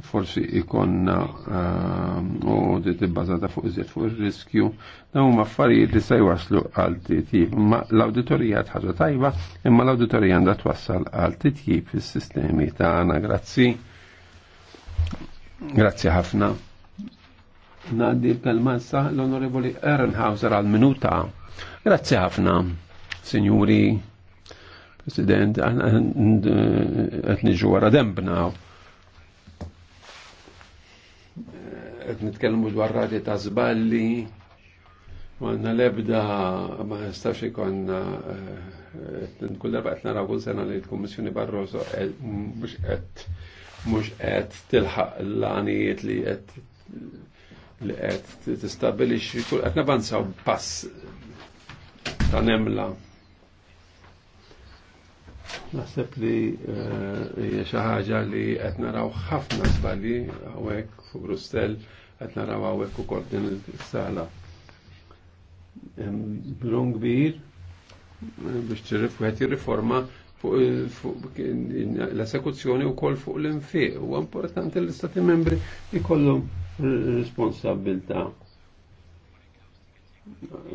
forsi ikonna ehm, u di tibbażata fuq iżjed fuq il riskju dawn huma affarijiet li se jwaslu għal titjib. Ma l-awditorija tħaġa tajba, imma l-awditorija għandha twassal għal titjib fis-sistemi tagħna. Grazzi. Grazzi ħafna. Naddi l-kelma sa l-Onorevoli Ehrenhauser għal minuta. Grazzi ħafna, Signori President, għetniġu eh, għara dembna qed nitkellmu dwar Radi ta' Zballi, għandna lebda ma nistax ikonna kull darba qed naraw kull sena li l-Kummissjoni Barroso mhux qed mhux qed tilħaq l-għanijiet li qed li qed tistabilixxi kull qed nabansaw pass ta' nemla Naħseb li eh, hija xi ħaġa li qed naraw ħafna żbalji hawnhekk fuq Brussell qed naraw hawnhekk ukoll din is-sala. Bron kbir eh, biex tirrif wieħed jirriforma fuq eh, l-esekuzzjoni wkoll fuq l-infiq. Huwa importanti l-istati membri jkollhom responsabilta'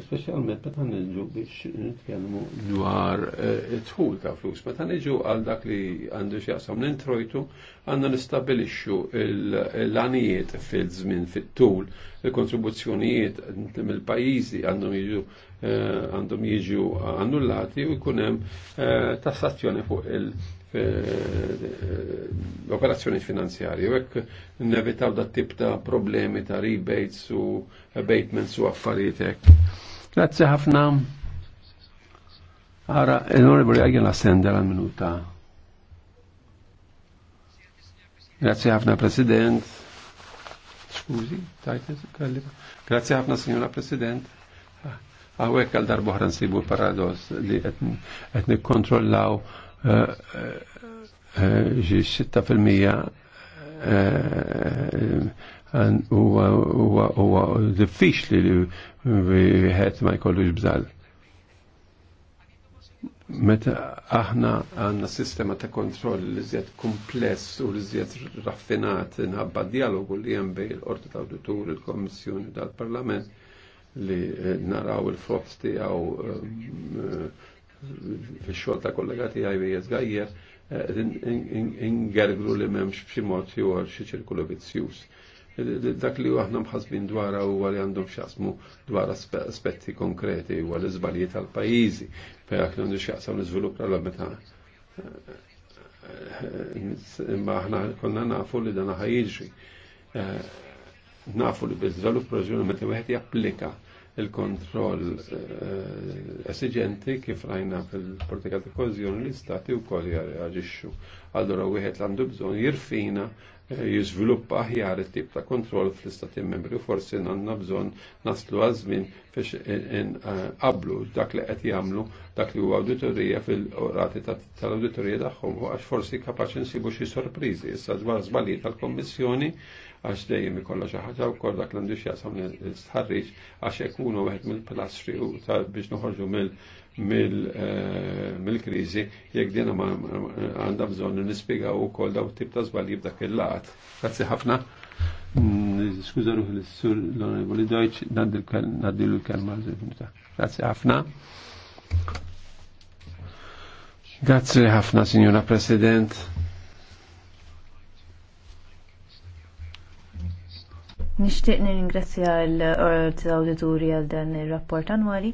Specialment meta niġu biex nitkellmu dwar eh, it-tħul ta' flus, meta niġu għal dak li għandu x'jaqsam l-introjtu, għandna nistabilixxu l-għanijiet fil-żmien fit-tul, il-kontribuzzjonijiet mill-pajjiżi għandhom jiġu eh, għandhom jiġu annullati u jkun hemm eh, tassazzjoni fuq il- Eh, operazzjoni finanzjari. U Jek nevitaw da tip ta' problemi ta' rebates u abatements u affarijiet affarietek. Grazie ħafna. Ara, onorevoli għagħen assenda la minuta. Grazie ħafna, President. Skużi, tajtet, kalli. Grazie ħafna, Signora President. Għawek għal darbohra sibu paradoss li għetni kontrollaw 6% huwa diffiċli li wieħed ma jkollux bżal. Meta aħna għanna sistema ta' kontroll li zjed kompless u li zjed raffinat nħabba dialogu li jem bej l-Orta ta' Auditur, il-Kommissjoni tal parlament li naraw il-frott tiegħu eh, fil-xol ta' kollegati għaj jizgajjer, eh, ingerglu li memx b'xi mod għal xi ċirkulu vizzjuż. Eh, eh, dak li għahna mħasbin dwara u għal għandhom xasmu dwar aspetti konkreti huwa l-iżbalji tal-pajjiżi fejn għandu x'jaqsam l-iżvilupp għal għabet Imma għahna konna nafu li dana ħajjiġri. Nafu li bil-żvilupp reġjuni meta wieħed japplika il-kontroll eh, esiġenti kif rajna fil-politika ta' l-istati u koll jaġixxu. Allora wieħed għandu bżonn jirfina eh, jiżviluppa aħjar it-tip ta' kontroll fl-istati membri u forsi għandna bżonn naslu għal żmien biex eh, dak li qed jagħmlu dak li huwa awditorija fil-orati tal-awditorija tagħhom u għax forsi kapaċi nsibu xi sorpriżi issa dwar żbalji tal-Kommissjoni għax dejjem ikollha xi ħaġa wkoll dak li għandux jaqsam jasam l-istħarriġ għax ikunu wieħed mill-pilastri biex noħorġu eh, mill-kriżi jekk dina għandha bżonn nispjegaw ukoll daw tip ta' żbalji b'dak il-laqat. Grazzi ħafna. Mm, Skuża ruħ l-sur l-Onorevoli Dojċ, naddilu l-kelma l għal Grazzi ħafna. Grazzi ħafna, Signora President. Nixtieq nirringrazzja l-Orti Awditurji għal dan ir-rapport annwali.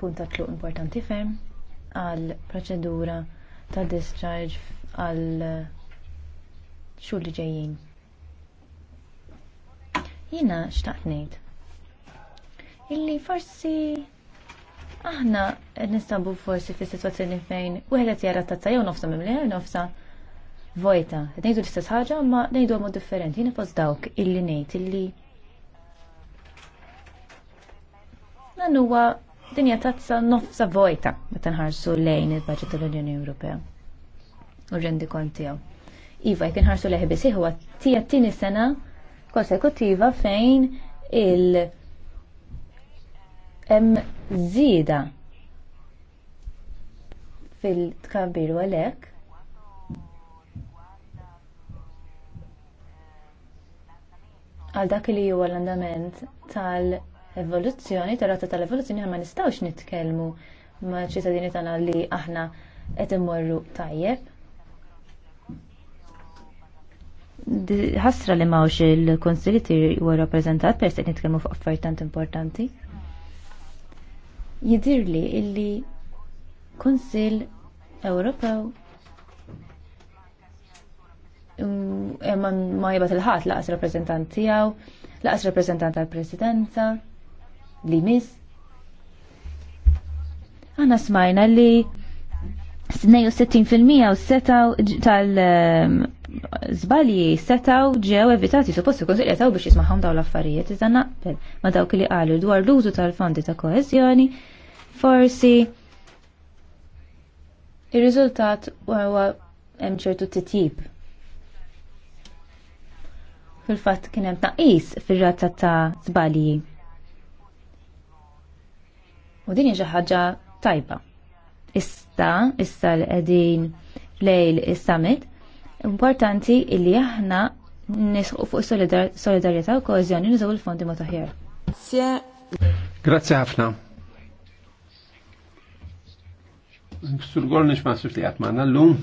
Punt ta' tluq importanti ferm għal proċedura ta' discharge għal xulli li ġejjin. Jiena xtaqt ngħid. Illi forsi aħna nistabu forsi fi situazzjoni fejn wieħed jara tazza jew nofsa mimliħ nofsa vojta. Nejdu l-istess ħaġa, ma nejdu għamu differenti. Jina fos dawk illi nejt illi. Dan huwa dinja tazza nofsa vojta meta nħarsu lejn il-budget tal-Unjoni Ewropea. U rendi kontijaw. Iva, jek nħarsu leħi bisi huwa tija tini sena konsekutiva fejn il- em zida fil-tkabbir u għalek għal dak li huwa l-andament tal-evoluzzjoni, tar-rata tal-evoluzzjoni ma nistgħux nitkellmu ma' ċittadini tagħna li aħna qed immorru tajjeb. ħasra li mawx il-konsiliti u rappresentat per se nitkellmu fuq affarijiet importanti. Jidirli illi Konsil Ewropew Mm, eh, ma jibat il-ħat laqas rappresentant tijaw, laqas rappresentant tal-presidenza, li mis. Għana smajna li 62% u setaw tal-zbalji ehm, setaw ġew evitati suppost ikun biex jismaħħom daw l-affarijiet, iżda naqbel ma dawk li qalu dwar l-użu tal-fondi ta' koezjoni, forsi ir-riżultat huwa hemm ċertu titjib fil-fatt kien hemm taqis fir-razza ta' żbalji. U din hija ħaġa tajba. Issa, issa l-qegħdin lejl is-summit, importanti illi aħna nisqu fuq solidarjetà u koeżjoni nużaw il-fondi ma' aħjar. Grazzi ħafna. Sur gol nix ma' sufti għatmanna l-lum.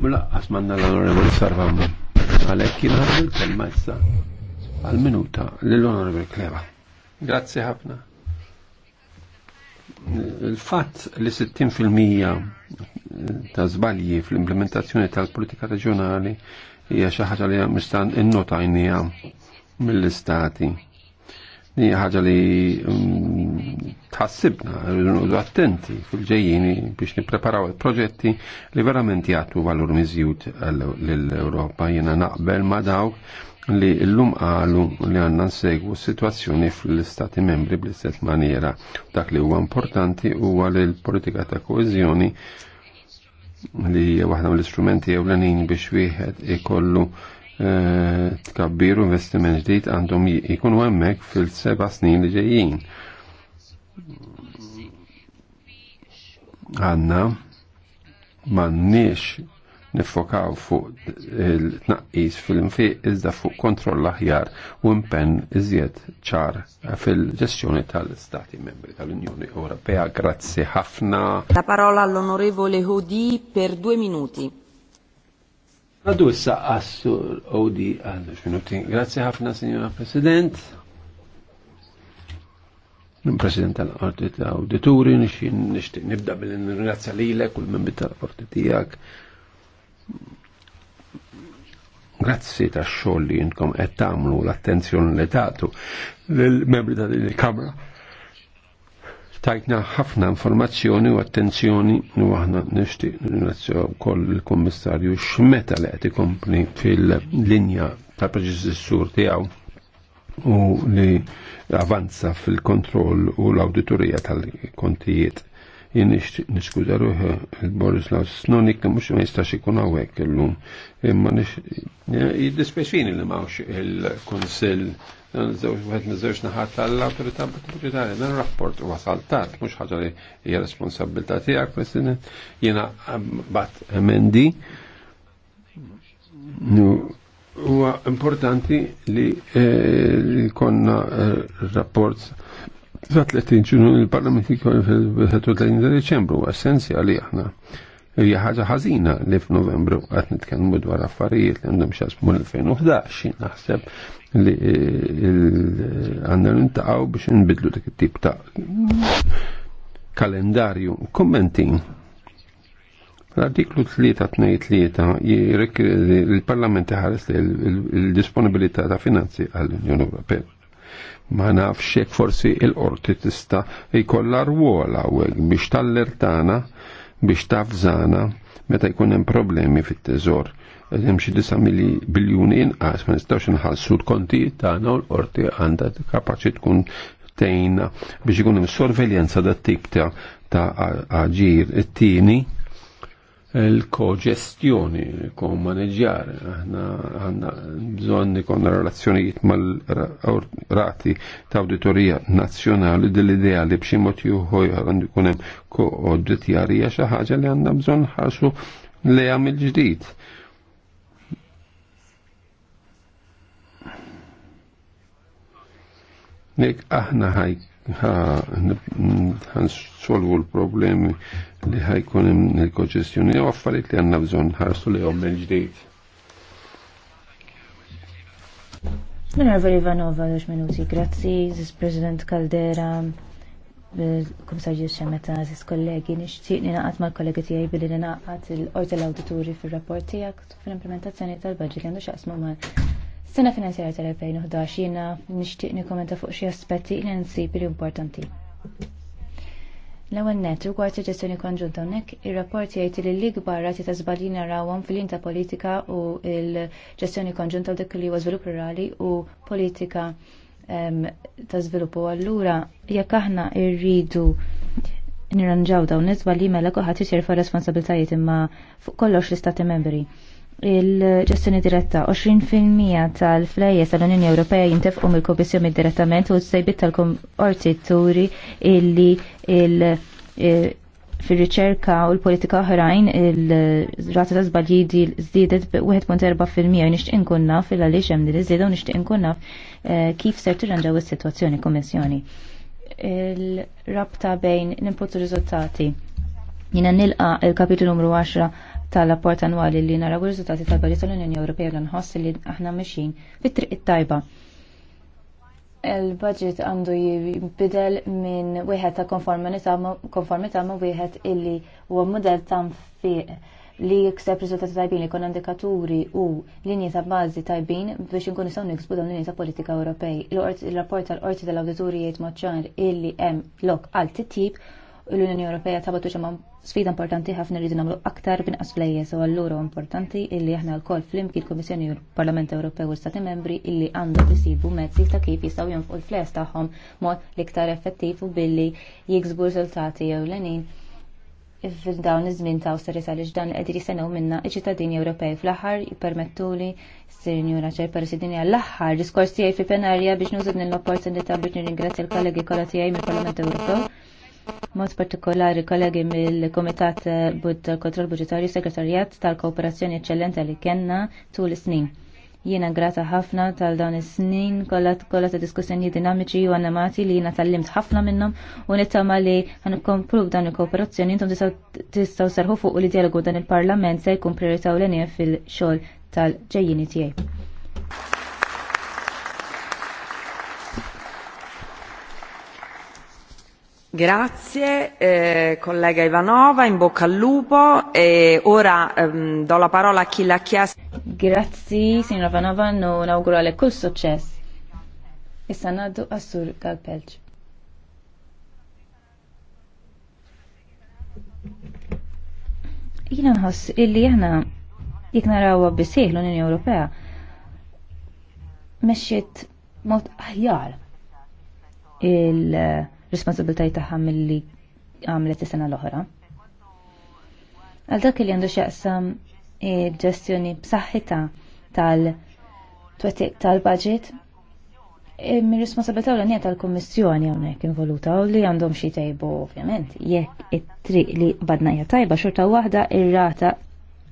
Mlaqqas manna l-Onorevoli Sarvam. Għalek kien ħafna l-kelma jissa għal-minuta l-Onorevoli Kleva. Grazie ħafna. il fat li 60% ta' zbalji fl-implementazzjoni tal-politika reġjonali hija xi ħaġa li mistan innotajnija mill-istati. Hija ħaġa li mm, tħassibna, nudu attenti fil-ġejjini biex nipreparaw il-proġetti li verament jgħatu valur mizjut l-Europa. Jena naqbel ma dawk li l-lum għalu li għanna nsegwu situazzjoni fl-istati membri bl-istess maniera. Dak li huwa importanti huwa li l-politika ta' koezjoni li waħda mill-istrumenti ewlenin biex wieħed ikollu eh, tkabbiru investiment ġdid għandhom jikunu hemmhekk fil-seba' snin li ġejjin għanna mannix nifokaw fuq il-tnaqqis fil mfiq iżda fuq kontroll aħjar u impenn iżjed ċar fil-ġestjoni tal-Stati membri tal-Unjoni Ewropea. Grazzi ħafna. La parola all'onorevole Hudi per due minuti. Għadu issa għassu Hodi għal minuti. Grazzi ħafna, Signora President. President tal-Qorti ta' Awdituri, nixtieq nibda li l-ek u l-membri tal-Qorti tijak. Grazzi tax xogħol li jintkom qed tagħmlu l-attenzjoni li ta'tu lill-membri ta' din il-Kamra. Tajtna ħafna informazzjoni u attenzjoni u għahna nixtieq nirringrazzja wkoll il-Kummissarju x'meta li qed ikompli fil-linja ta' preġis tiegħu u li avanza fil-kontroll u l-auditorija tal-kontijiet. Jien niskuza ruħi il-Borislav Snonik li mux ma jistax ikun għawek l-lum. Imma jiddispeċini li mawx il-konsil Għet nizzewx naħat tal-autorità budgetarja, dan rapport u għasaltat, mux ħagġa li hija responsabilta tijak, President, jena bat emendi, huwa importanti li eh, konna eh, rapport za 30 ġunju il-Parlament fil 30 Deċembru essenzjali aħna. Hija ħaġa ħażina li f'Novembru qed nitkellmu dwar affarijiet li għandhom xi xasmu l-2011 naħseb li eh, għandna nintaqgħu biex nbidlu dik it-tip ta' kalendarju. Kommenti L-artiklu 323 jirek il-Parlament ħares il-disponibilità ta' finanzi għall-Unjoni Ewropea. Ma nafx jekk forsi il-qorti tista' jkollha rwola hawnhekk biex tallertana biex tafżana meta jkun hemm problemi fit-teżor hemm xi disa mili biljuni inqas ma nistgħux inħallsu l-konti tagħna u l-qorti għandha kapaċi tkun tejna biex ikun hemm sorveljanza dat tip ta' aġir it-tieni l koġestjoni kom maneġjar, aħna għanna bżon nikonna relazzjonijiet mal-rati ta' auditorija nazzjonali dell-idea li b'xi mod juħoj għandu kunem koġetjarija xi ħaġa li għandna bżon ħarsu li għamil ġdid. Nek aħna ħaj solvu l-problemi li ħajkun il-konċessjoni u għaffariet li għanna bżon ħarsu li għom il-ġdejt. Minerva Ivanova, għax minuti, grazzi, zis President Caldera, komissarju xemeta, zis kollegi, nixtieq ninaqat l kollegi tiegħi billi għat l-orta l auditori fil rapport tiegħek fil-implementazzjoni tal-budget li għandu xaqsmu ma' Sena finanzjarja tal-2011 jiena nixtieq nikomenta fuq xi aspetti li nsib li importanti. L-ewwel nett rigward suġġestjoni konġunta hawnhekk ir-rapport jgħid li l-ikbar rati ta' żbalji narawhom fil-inta politika u l-ġestjoni konġunta dik li huwa żvilupp rurali u politika ta' żviluppu. Allura jekk aħna rridu nirranġaw dawn iż-żbalji mela kulħadd jisir fuq responsabbiltajiet imma fuq kollox l-istati membri il-ġestjoni diretta 20% tal-flejjes tal-Unjoni Ewropea jintefqu mill-Kommissjoni direttament u s-sejbit tal-orti turi illi il fil-riċerka u l-politika oħrajn il-rata ta' żbalji żdiedet b'1.4% nixtieq inkun naf il għaliex hemm din iżieda u nixtieq inkun eh, kif ser tirranġaw is-sitwazzjoni Kommissjoni. Il-rabta bejn l-input u riżultati. Jina nilqa il-kapitlu numru 10 tal-rapport annwali li naraw ir-riżultati tal-Budget tal-Unjoni Ewropea li nħoss li aħna mexin fit-triq it-tajba. Il-budget għandu jibbidel minn wieħed ta' konformità ma' wieħed illi huwa model ta' fiq li jikseb riżultati tajbin li kon indikaturi u linji ta' bażi tajbin biex inkunu nistgħu niksbu dawn linji ta' politika Ewropej. Il-rapport tal-Qorti tal awditurijiet jgħid maċċar illi hemm lok għal tittib l-Unjoni Ewropea tabatu ġemma sfida importanti ħafna rridu nagħmlu aktar binqas flejjes u allura importanti illi aħna l-koll flimkien il-Kummissjoni l-Parlament Ewropew u Stati Membri illi għandhom isibu mezzi ta' kif jistgħu jonfqu l-fles tagħhom mod l-iktar effettiv u billi jiksbu riżultati ewlenin fil-dawn iż-żmien ta' awsterità li ġdan qed jistennew minna iċ-ċittadini Ewropej fl-aħħar jippermettuli Sinjura Ċer Presidini għall-aħħar diskors tiegħi fi penarja biex nużud l opportunita biex nirringrazzja l-kollegi kollha tiegħi mill-Parlament Ewropew mod partikolari kollegi mill-Komitat tal Kontroll Budgetarju Segretarjat tal-Kooperazzjoni Eccellenta li kenna tul snin. Jiena grata ħafna tal dawn is-snin kollha ta' diskussjonijiet dinamiċi u annamati li jiena tallimt ħafna minnhom u nittama li ħankomplu dan il-kooperazzjoni intom tistgħu serħu fuq li dialogu dan il-Parlament se jkun prioritaw l fil-xogħol tal-ġejjini tiegħi. Grazie eh, collega Ivanova, in bocca al lupo e ora ehm, do la parola a chi l'ha chiesto. Grazie signora Ivanova, non lei col successo. E a Sur Galpelci. Jina nħoss illi jena jek narawa bisih l-Unjoni Ewropea meċċiet mod aħjar il- uh, responsabiltajt tagħha milli għamlet is-sena l-oħra. Għal dak li għandu x'jaqsam ġestjoni b'saħħita tal tal-budget mir-responsabilità l tal-Kommissjoni hawnhekk involuta u li għandhom xi tajbu ovvjament jekk it-triq li badna hija tajba xorta waħda ir-rata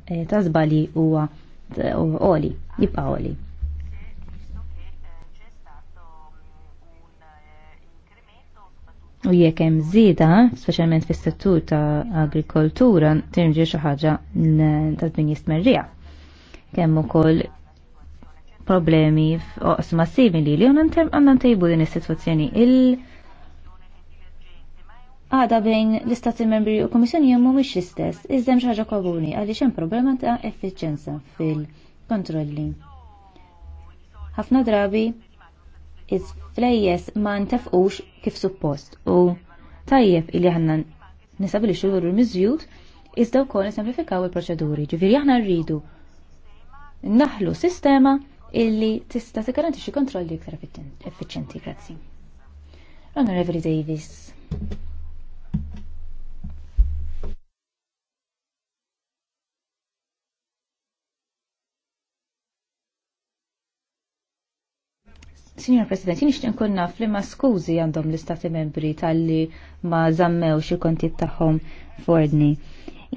eh, ta' żbali huwa eh, oli, jibqa' oli. U jekk hemm żieda, speċjalment fis-settur ta' agrikoltura, tinġi xi ħaġa ta' min jistmerrija. Kemm ukoll problemi f'oqsma lili li għandna ntejbu din is-sitwazzjoni il għada bejn l-istati membri u komissjoni jemmu mux l-istess, xi xaġa komuni għalli xem problema ta' effiċenza fil-kontrolli. ħafna drabi iż-flejjes ma ntefqux kif suppost u tajjeb illi ħanna nisabilixxu il miżjud iżda wkoll nisemplifikaw il-proċeduri. Ġifieri aħna rridu naħlu sistema illi tista' tigarantixxi kontrolli iktar effiċjenti. Grazzi. Onorevoli Davis. Signor President, jini xtien naf li ma skużi għandhom l-Istati Membri tal-li ma zammew il-kontijiet tagħhom fordni.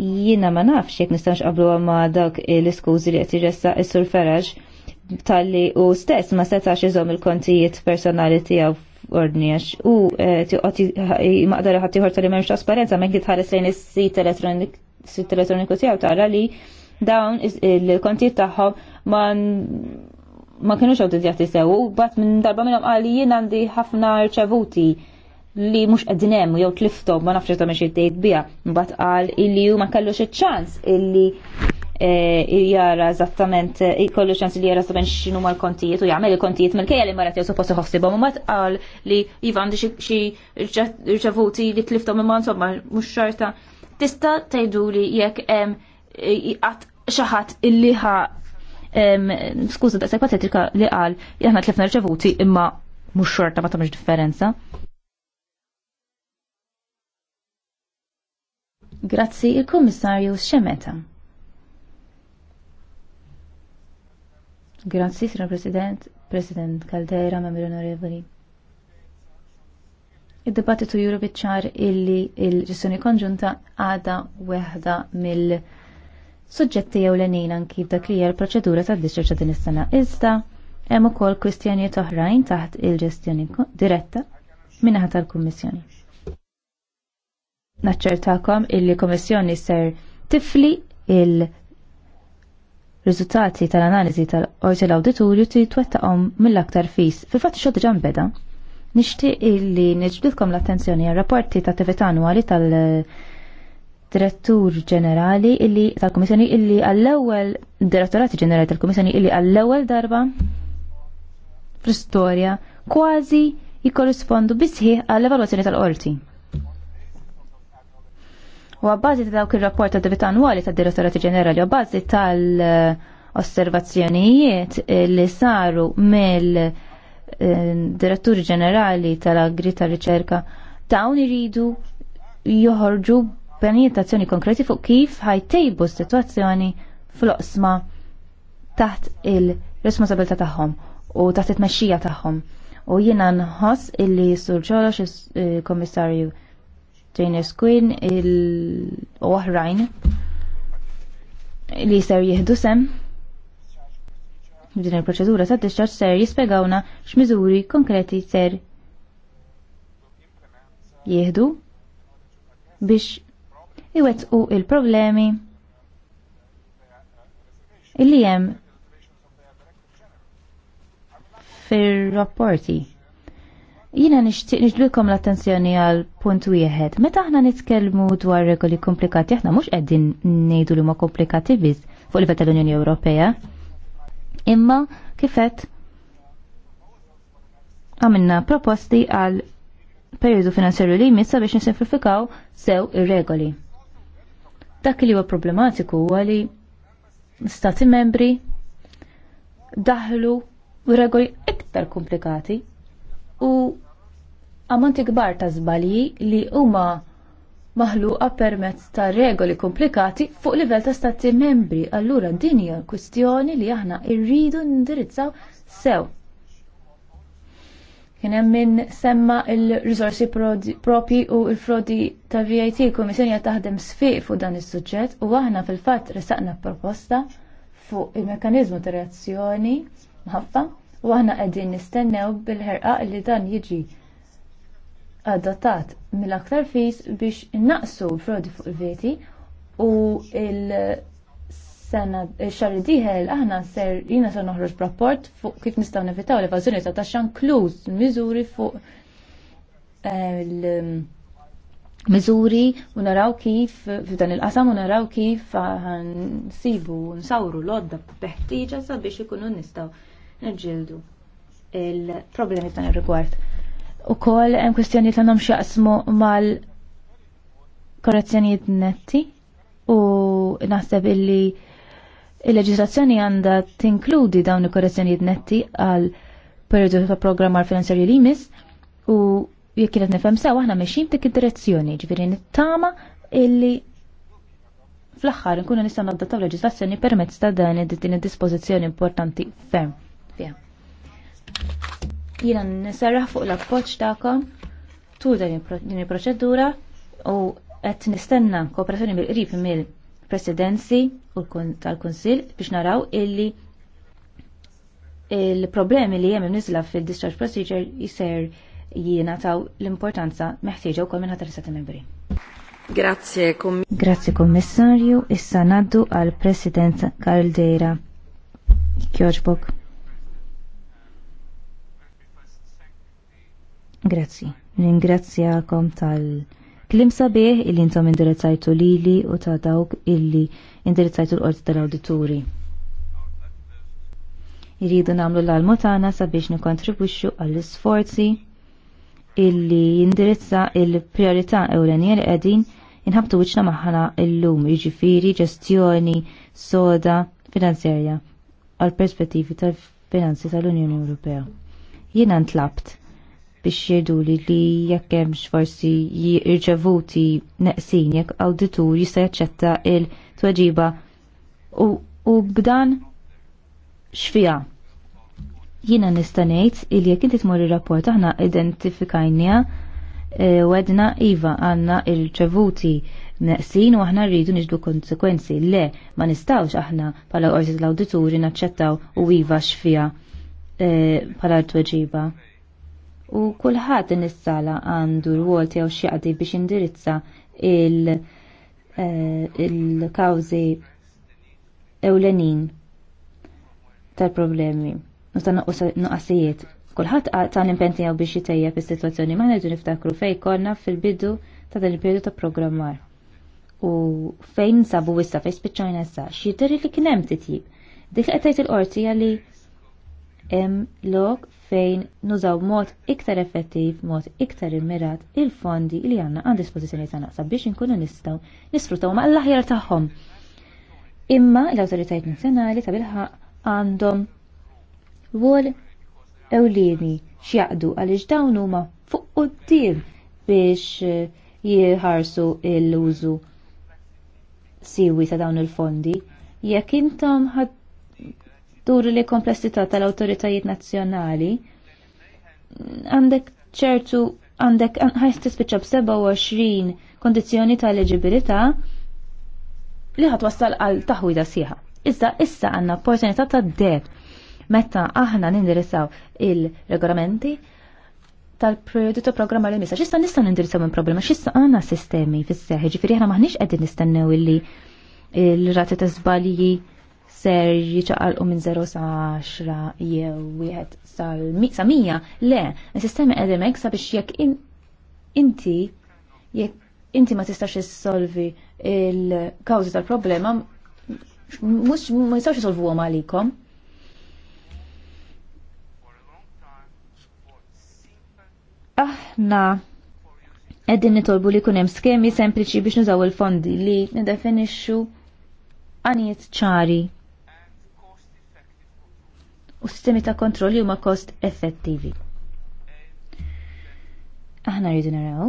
Jiena ma nafx jek nistax qablu ma dawk l-iskużi li qed jiressa is-Sur Feraġ tal-li u stess ma setax iżom il-kontijiet personali tiegħu fordni għax u eh, maqdara ħadd ieħor tal-li m'hemmx trasparenza mekk tħares lejn is-sit elektroniku tiegħu tara li dawn il-kontijiet tagħhom ma ma kienux awtizzjati sew u bat minn darba minnhom qal jien għandi ħafna rċevuti li mhux qegħdin jew tliftom ma nafx ta' dejt tgħid biha. Mbagħad qal illi hu ma kellux iċ-ċans illi e, jara eżattament kollu ċans li jara eżattament x'inhu mal-kontijiet u jagħmel il-kontijiet mill-kejja li marat jgħu suppost iħossibhom u mbagħad qal li iva għandi xi rċevuti li tliftom imma insomma mhux xorta. Tista' tajdu li jekk hemm e, qatt xaħat illi ħa skuża daqshekk patetika li qal li aħna tlefna rċevuti imma mhux xorta ma tagħmilx differenza. Grazzi il-Kummissarju x'emeta. Grazzi, Sra. President, President Caldera, membri onorevoli. Id-dibattitu juru bitċar illi il ġessjoni konġunta għada weħda mill- suġġetti jew l-enin anki dak li hija l-proċedura tad-discharge din is-sena. Iżda hemm ukoll kwistjonijiet oħrajn taħt il-ġestjoni diretta minnaħa tal-Kummissjoni. Naċċertakom illi Kummissjoni ser tifli il riżultati tal-analiżi tal-qorti l ti twettaqhom mill-aktar fis. Fil-fatt xogħol diġà beda, Nixtieq illi niġbdilkom l-attenzjoni għal rapporti ta' attività annwali tal- direttur ġenerali illi tal-Komissjoni illi għall-ewwel direttorati ġenerali tal-Komissjoni illi għall-ewwel darba fl-istorja kważi jikkorrispondu bisħi għall-evalwazzjoni tal-qorti. U għabbażi ta' dawk il-rapport ta' David annwali ta' direttorati ġenerali u għabbażi tal-osservazzjonijiet li saru mill-diretturi eh, ġenerali tal-agri tal-riċerka dawn iridu joħorġu pjanijiet azzjoni konkreti fuq kif ħajtejbu s-situazzjoni fl-oqsma taħt il-responsabilità tagħhom u taħt it-mexxija tagħhom. U jiena nħoss illi sur ġolox il-Komissarju eh, Janus Quinn il oħrajn li ser jieħdu sem din il-proċedura ta' discharge ser jispegawna x'miżuri konkreti ser jieħdu biex iwettqu il-problemi illi jem fir-rapporti. Jina nixtieq l-attenzjoni għal punt wieħed. Meta aħna nitkellmu dwar regoli komplikati, aħna mhux qegħdin ngħidu li huma komplikati biss fuq livell tal-Unjoni Ewropea. Imma kifet għamilna proposti għal periodu finanzjarju li jmissa biex nisimplifikaw sew ir-regoli. Dak li huwa problematiku huwa li stati membri daħlu regoli iktar komplikati u ammonti kbar ta' żbalji li huma maħluqa permezz ta' regoli komplikati fuq livell ta' stati membri. Allura din hija kwistjoni li aħna rridu nindirizzaw sew. Kien hemm min semma il rizorsi propi u l-frodi ta' VAT kummissjoni qed taħdem sfiq fuq dan is-suġġett u aħna fil-fatt ressaqna proposta fuq il-mekkaniżmu ta' reazzjoni mħaffa u aħna qegħdin nistennew bil-ħerqa li dan jiġi adattat mill-aktar fis biex innaqsu l-frodi fuq il vit u il- sena xar diħel aħna ser jina ser noħroġ rapport fuq kif nistgħu nevitaw l evazjoni ta' taxxa inkluż eh, miżuri fuq l-miżuri u naraw kif f'dan il-qasam u naraw kif sibu nsawru l-odda b'teħtieġa sabiex ikunu nistgħu niġġieldu il-problemi f'dan ir-rigward. Ukoll hemm ta' nomx jaqsmu mal-korrezzjonijiet netti u naħseb illi Il-leġislazzjoni għandha tinkludi dawn il-korrezzjonijiet netti għal periodu ta' programm għal finanzjarju li jmiss u jekk kienet nifhem sew aħna mexjin dik id-direzzjoni, ġifieri nittama illi fl-aħħar nkunu nistgħu naddattaw leġislazzjoni permezz ta' dan din id-dispożizzjoni importanti ferm fiha. Jiena nisarraħ fuq l-appoġġ tagħkom tul din il-proċedura u qed nistenna kooperazzjoni mill-qrib mill presidenzi u tal-Kunsil biex naraw illi il-problemi li jem nizla fil-discharge procedure jisser jiena taw l-importanza meħtieġa u kol minn ħatar membri. Grazie, komm Grazie kommissarju, issa naddu għal President Caldera. Kjoġbok. Grazie. Ringrazzjakom tal- Klim sabiħ illi intom indirizzajtu lili u ta' dawk illi indirizzajtu l-qorti tal-awdituri. Iridu namlu l-almotana sabiex nikontribwixxu għall-isforzi illi indirizza il-priorità ewlenija li qegħdin inħabtu wiċċna maħħana illum jiġifieri ġestjoni soda finanzjarja għal perspettivi tal-finanzi tal-Unjoni Ewropea. Jiena ntlabt biex jgħidu li li jekk hemm forsi jirċevuti neqsin jekk awditur jista' jaċċetta il-tweġiba u, u b'dan xfija. Jiena nista' ngħid li jekk inti tmur ir-rapport aħna identifikajnija e, għedna iva għandna irċevuti neqsin u aħna rridu niġdu konsekwenzi. Le, ma nistawx aħna pala qorti l-awdituri naċċettaw u iva xfija e, pala tweġiba u kulħadd is-sala għandu rwol tiegħu x'jaqdi biex indirizza il- eh, il ewlenin tal-problemi u ta' nuqqasijiet. Kulħadd ta' l-impenti tiegħu biex jitejjeb is-sitwazzjoni ma' nerġu niftakru fejn konna fil-bidu ta' dan il-periodu ta' programmar. U fejn sabu wissa fejn spiċċajna issa, xideri li kien hemm titjib. Dik qed qed il-qorti għalli hemm lok fejn nużaw mod iktar effettiv, mod iktar immirat il-fondi li għandna għand dispożizzjoni naqsa biex inkunu nistgħu nisfruttaw ma' l-aħjar tagħhom. Imma l-awtoritajiet nazzjonali ta' bilħaq għandhom wol ewlieni x'jaqdu għaliex dawn huma fuq quddiem biex eh, jħarsu l-użu siwi ta' dawn il-fondi. Jekk intom ħad Turu li komplessità tal-autoritajiet nazzjonali għandek ċertu għandek ħajst tispiċċa b-27 kondizjoni ta' eligibilità li ħat wassal għal taħwida siħa. Iżda issa għandna opportunità ta' deb meta aħna nindirizzaw il-regolamenti tal-periodu ta' programma li misa. Xista nista' nindirizzaw minn problema, xista għandna sistemi fis-seħi, ġifieri aħna maħniex qegħdin nistennew illi il-rati ta' żbalji ser jiċaqalqu minn 0 sa 10 jew wieħed sa 100, le, is sistema qegħdin hekk sabiex jekk inti jekk inti ma tistax issolvi il-kawżi tal-problema mhux ma jistgħux isolvuhom għalikom. Aħna qegħdin nitolbu li jkun hemm skemi sempliċi biex nużaw il-fondi li nidefinixxu għanijiet ċari u sistemi ta' kontrolli huma kost effettivi. Aħna rridu naraw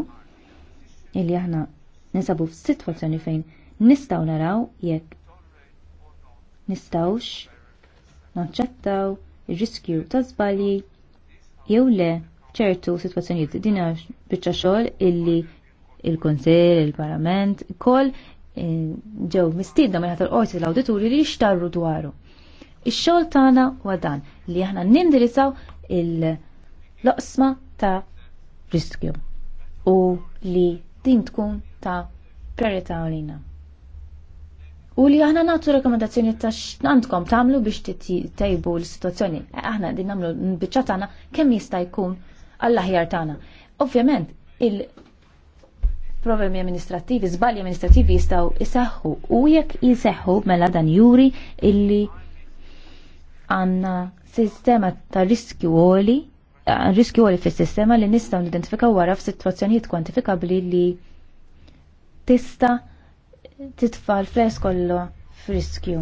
illi aħna nisabu f'sitwazzjoni fejn nistgħu naraw jekk nistgħux naċċettaw ir-riskju ta' żbalji jew le ċertu sitwazzjonijiet din biċċa xogħol illi il kunsill il-Parlament, kol eh, ġew mistiedna minn ħatar qorti l-awditurju li jixtarru dwaru. Ix-xogħol tagħna huwa dan li aħna nindirizzaw il-loqsma ta' riskju u li din tkun ta' priorità għalina. U li aħna nagħtu rekomendazzjoni ta' x'għandkom tagħmlu biex tejbu l-sitwazzjoni. Aħna din nagħmlu n-biċċa tagħna kemm jista' jkun għall-aħjar tagħna. Ovvjament, il problemi amministrativi, zbali amministrativi jistaw jisaxħu u jekk jisaxħu mela dan juri illi għanna sistema ta' riskju għoli, eh, riski għoli fis sistema li nistaw nidentifikaw wara f'sitwazzjonijiet kwantifikabli li tista titfal fles kollu f'riskju.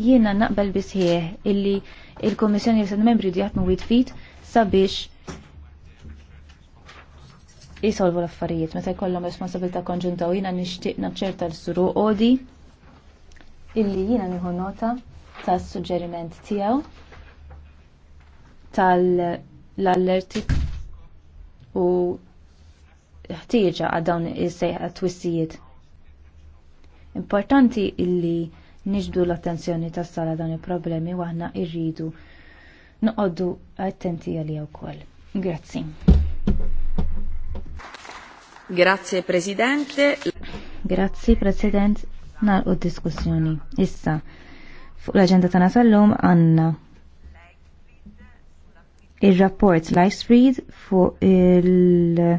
Jiena naqbel bisħieħ illi il-Kommissjoni li membri di għatmu fit sabiex jisolvu l-affarijiet, meta jkollhom responsabilità konġunta u jiena nixtieq naċċerta l-suru qodi illi jiena nieħu nota tas-suġġeriment tiegħu tal-allerti u ħtieġa għad dawn is-sejħa twissijiet. Importanti illi niġdu l-attenzjoni tas-sala dawn il-problemi u aħna irridu noqoddu attenti għalija wkoll. Grazzi. Grazie Presidente. Grazzi President, nalqu diskussjoni. Issa, Fuq l-agenda tagħna tal-lum għanna ir-rapport Lifespeed fuq il-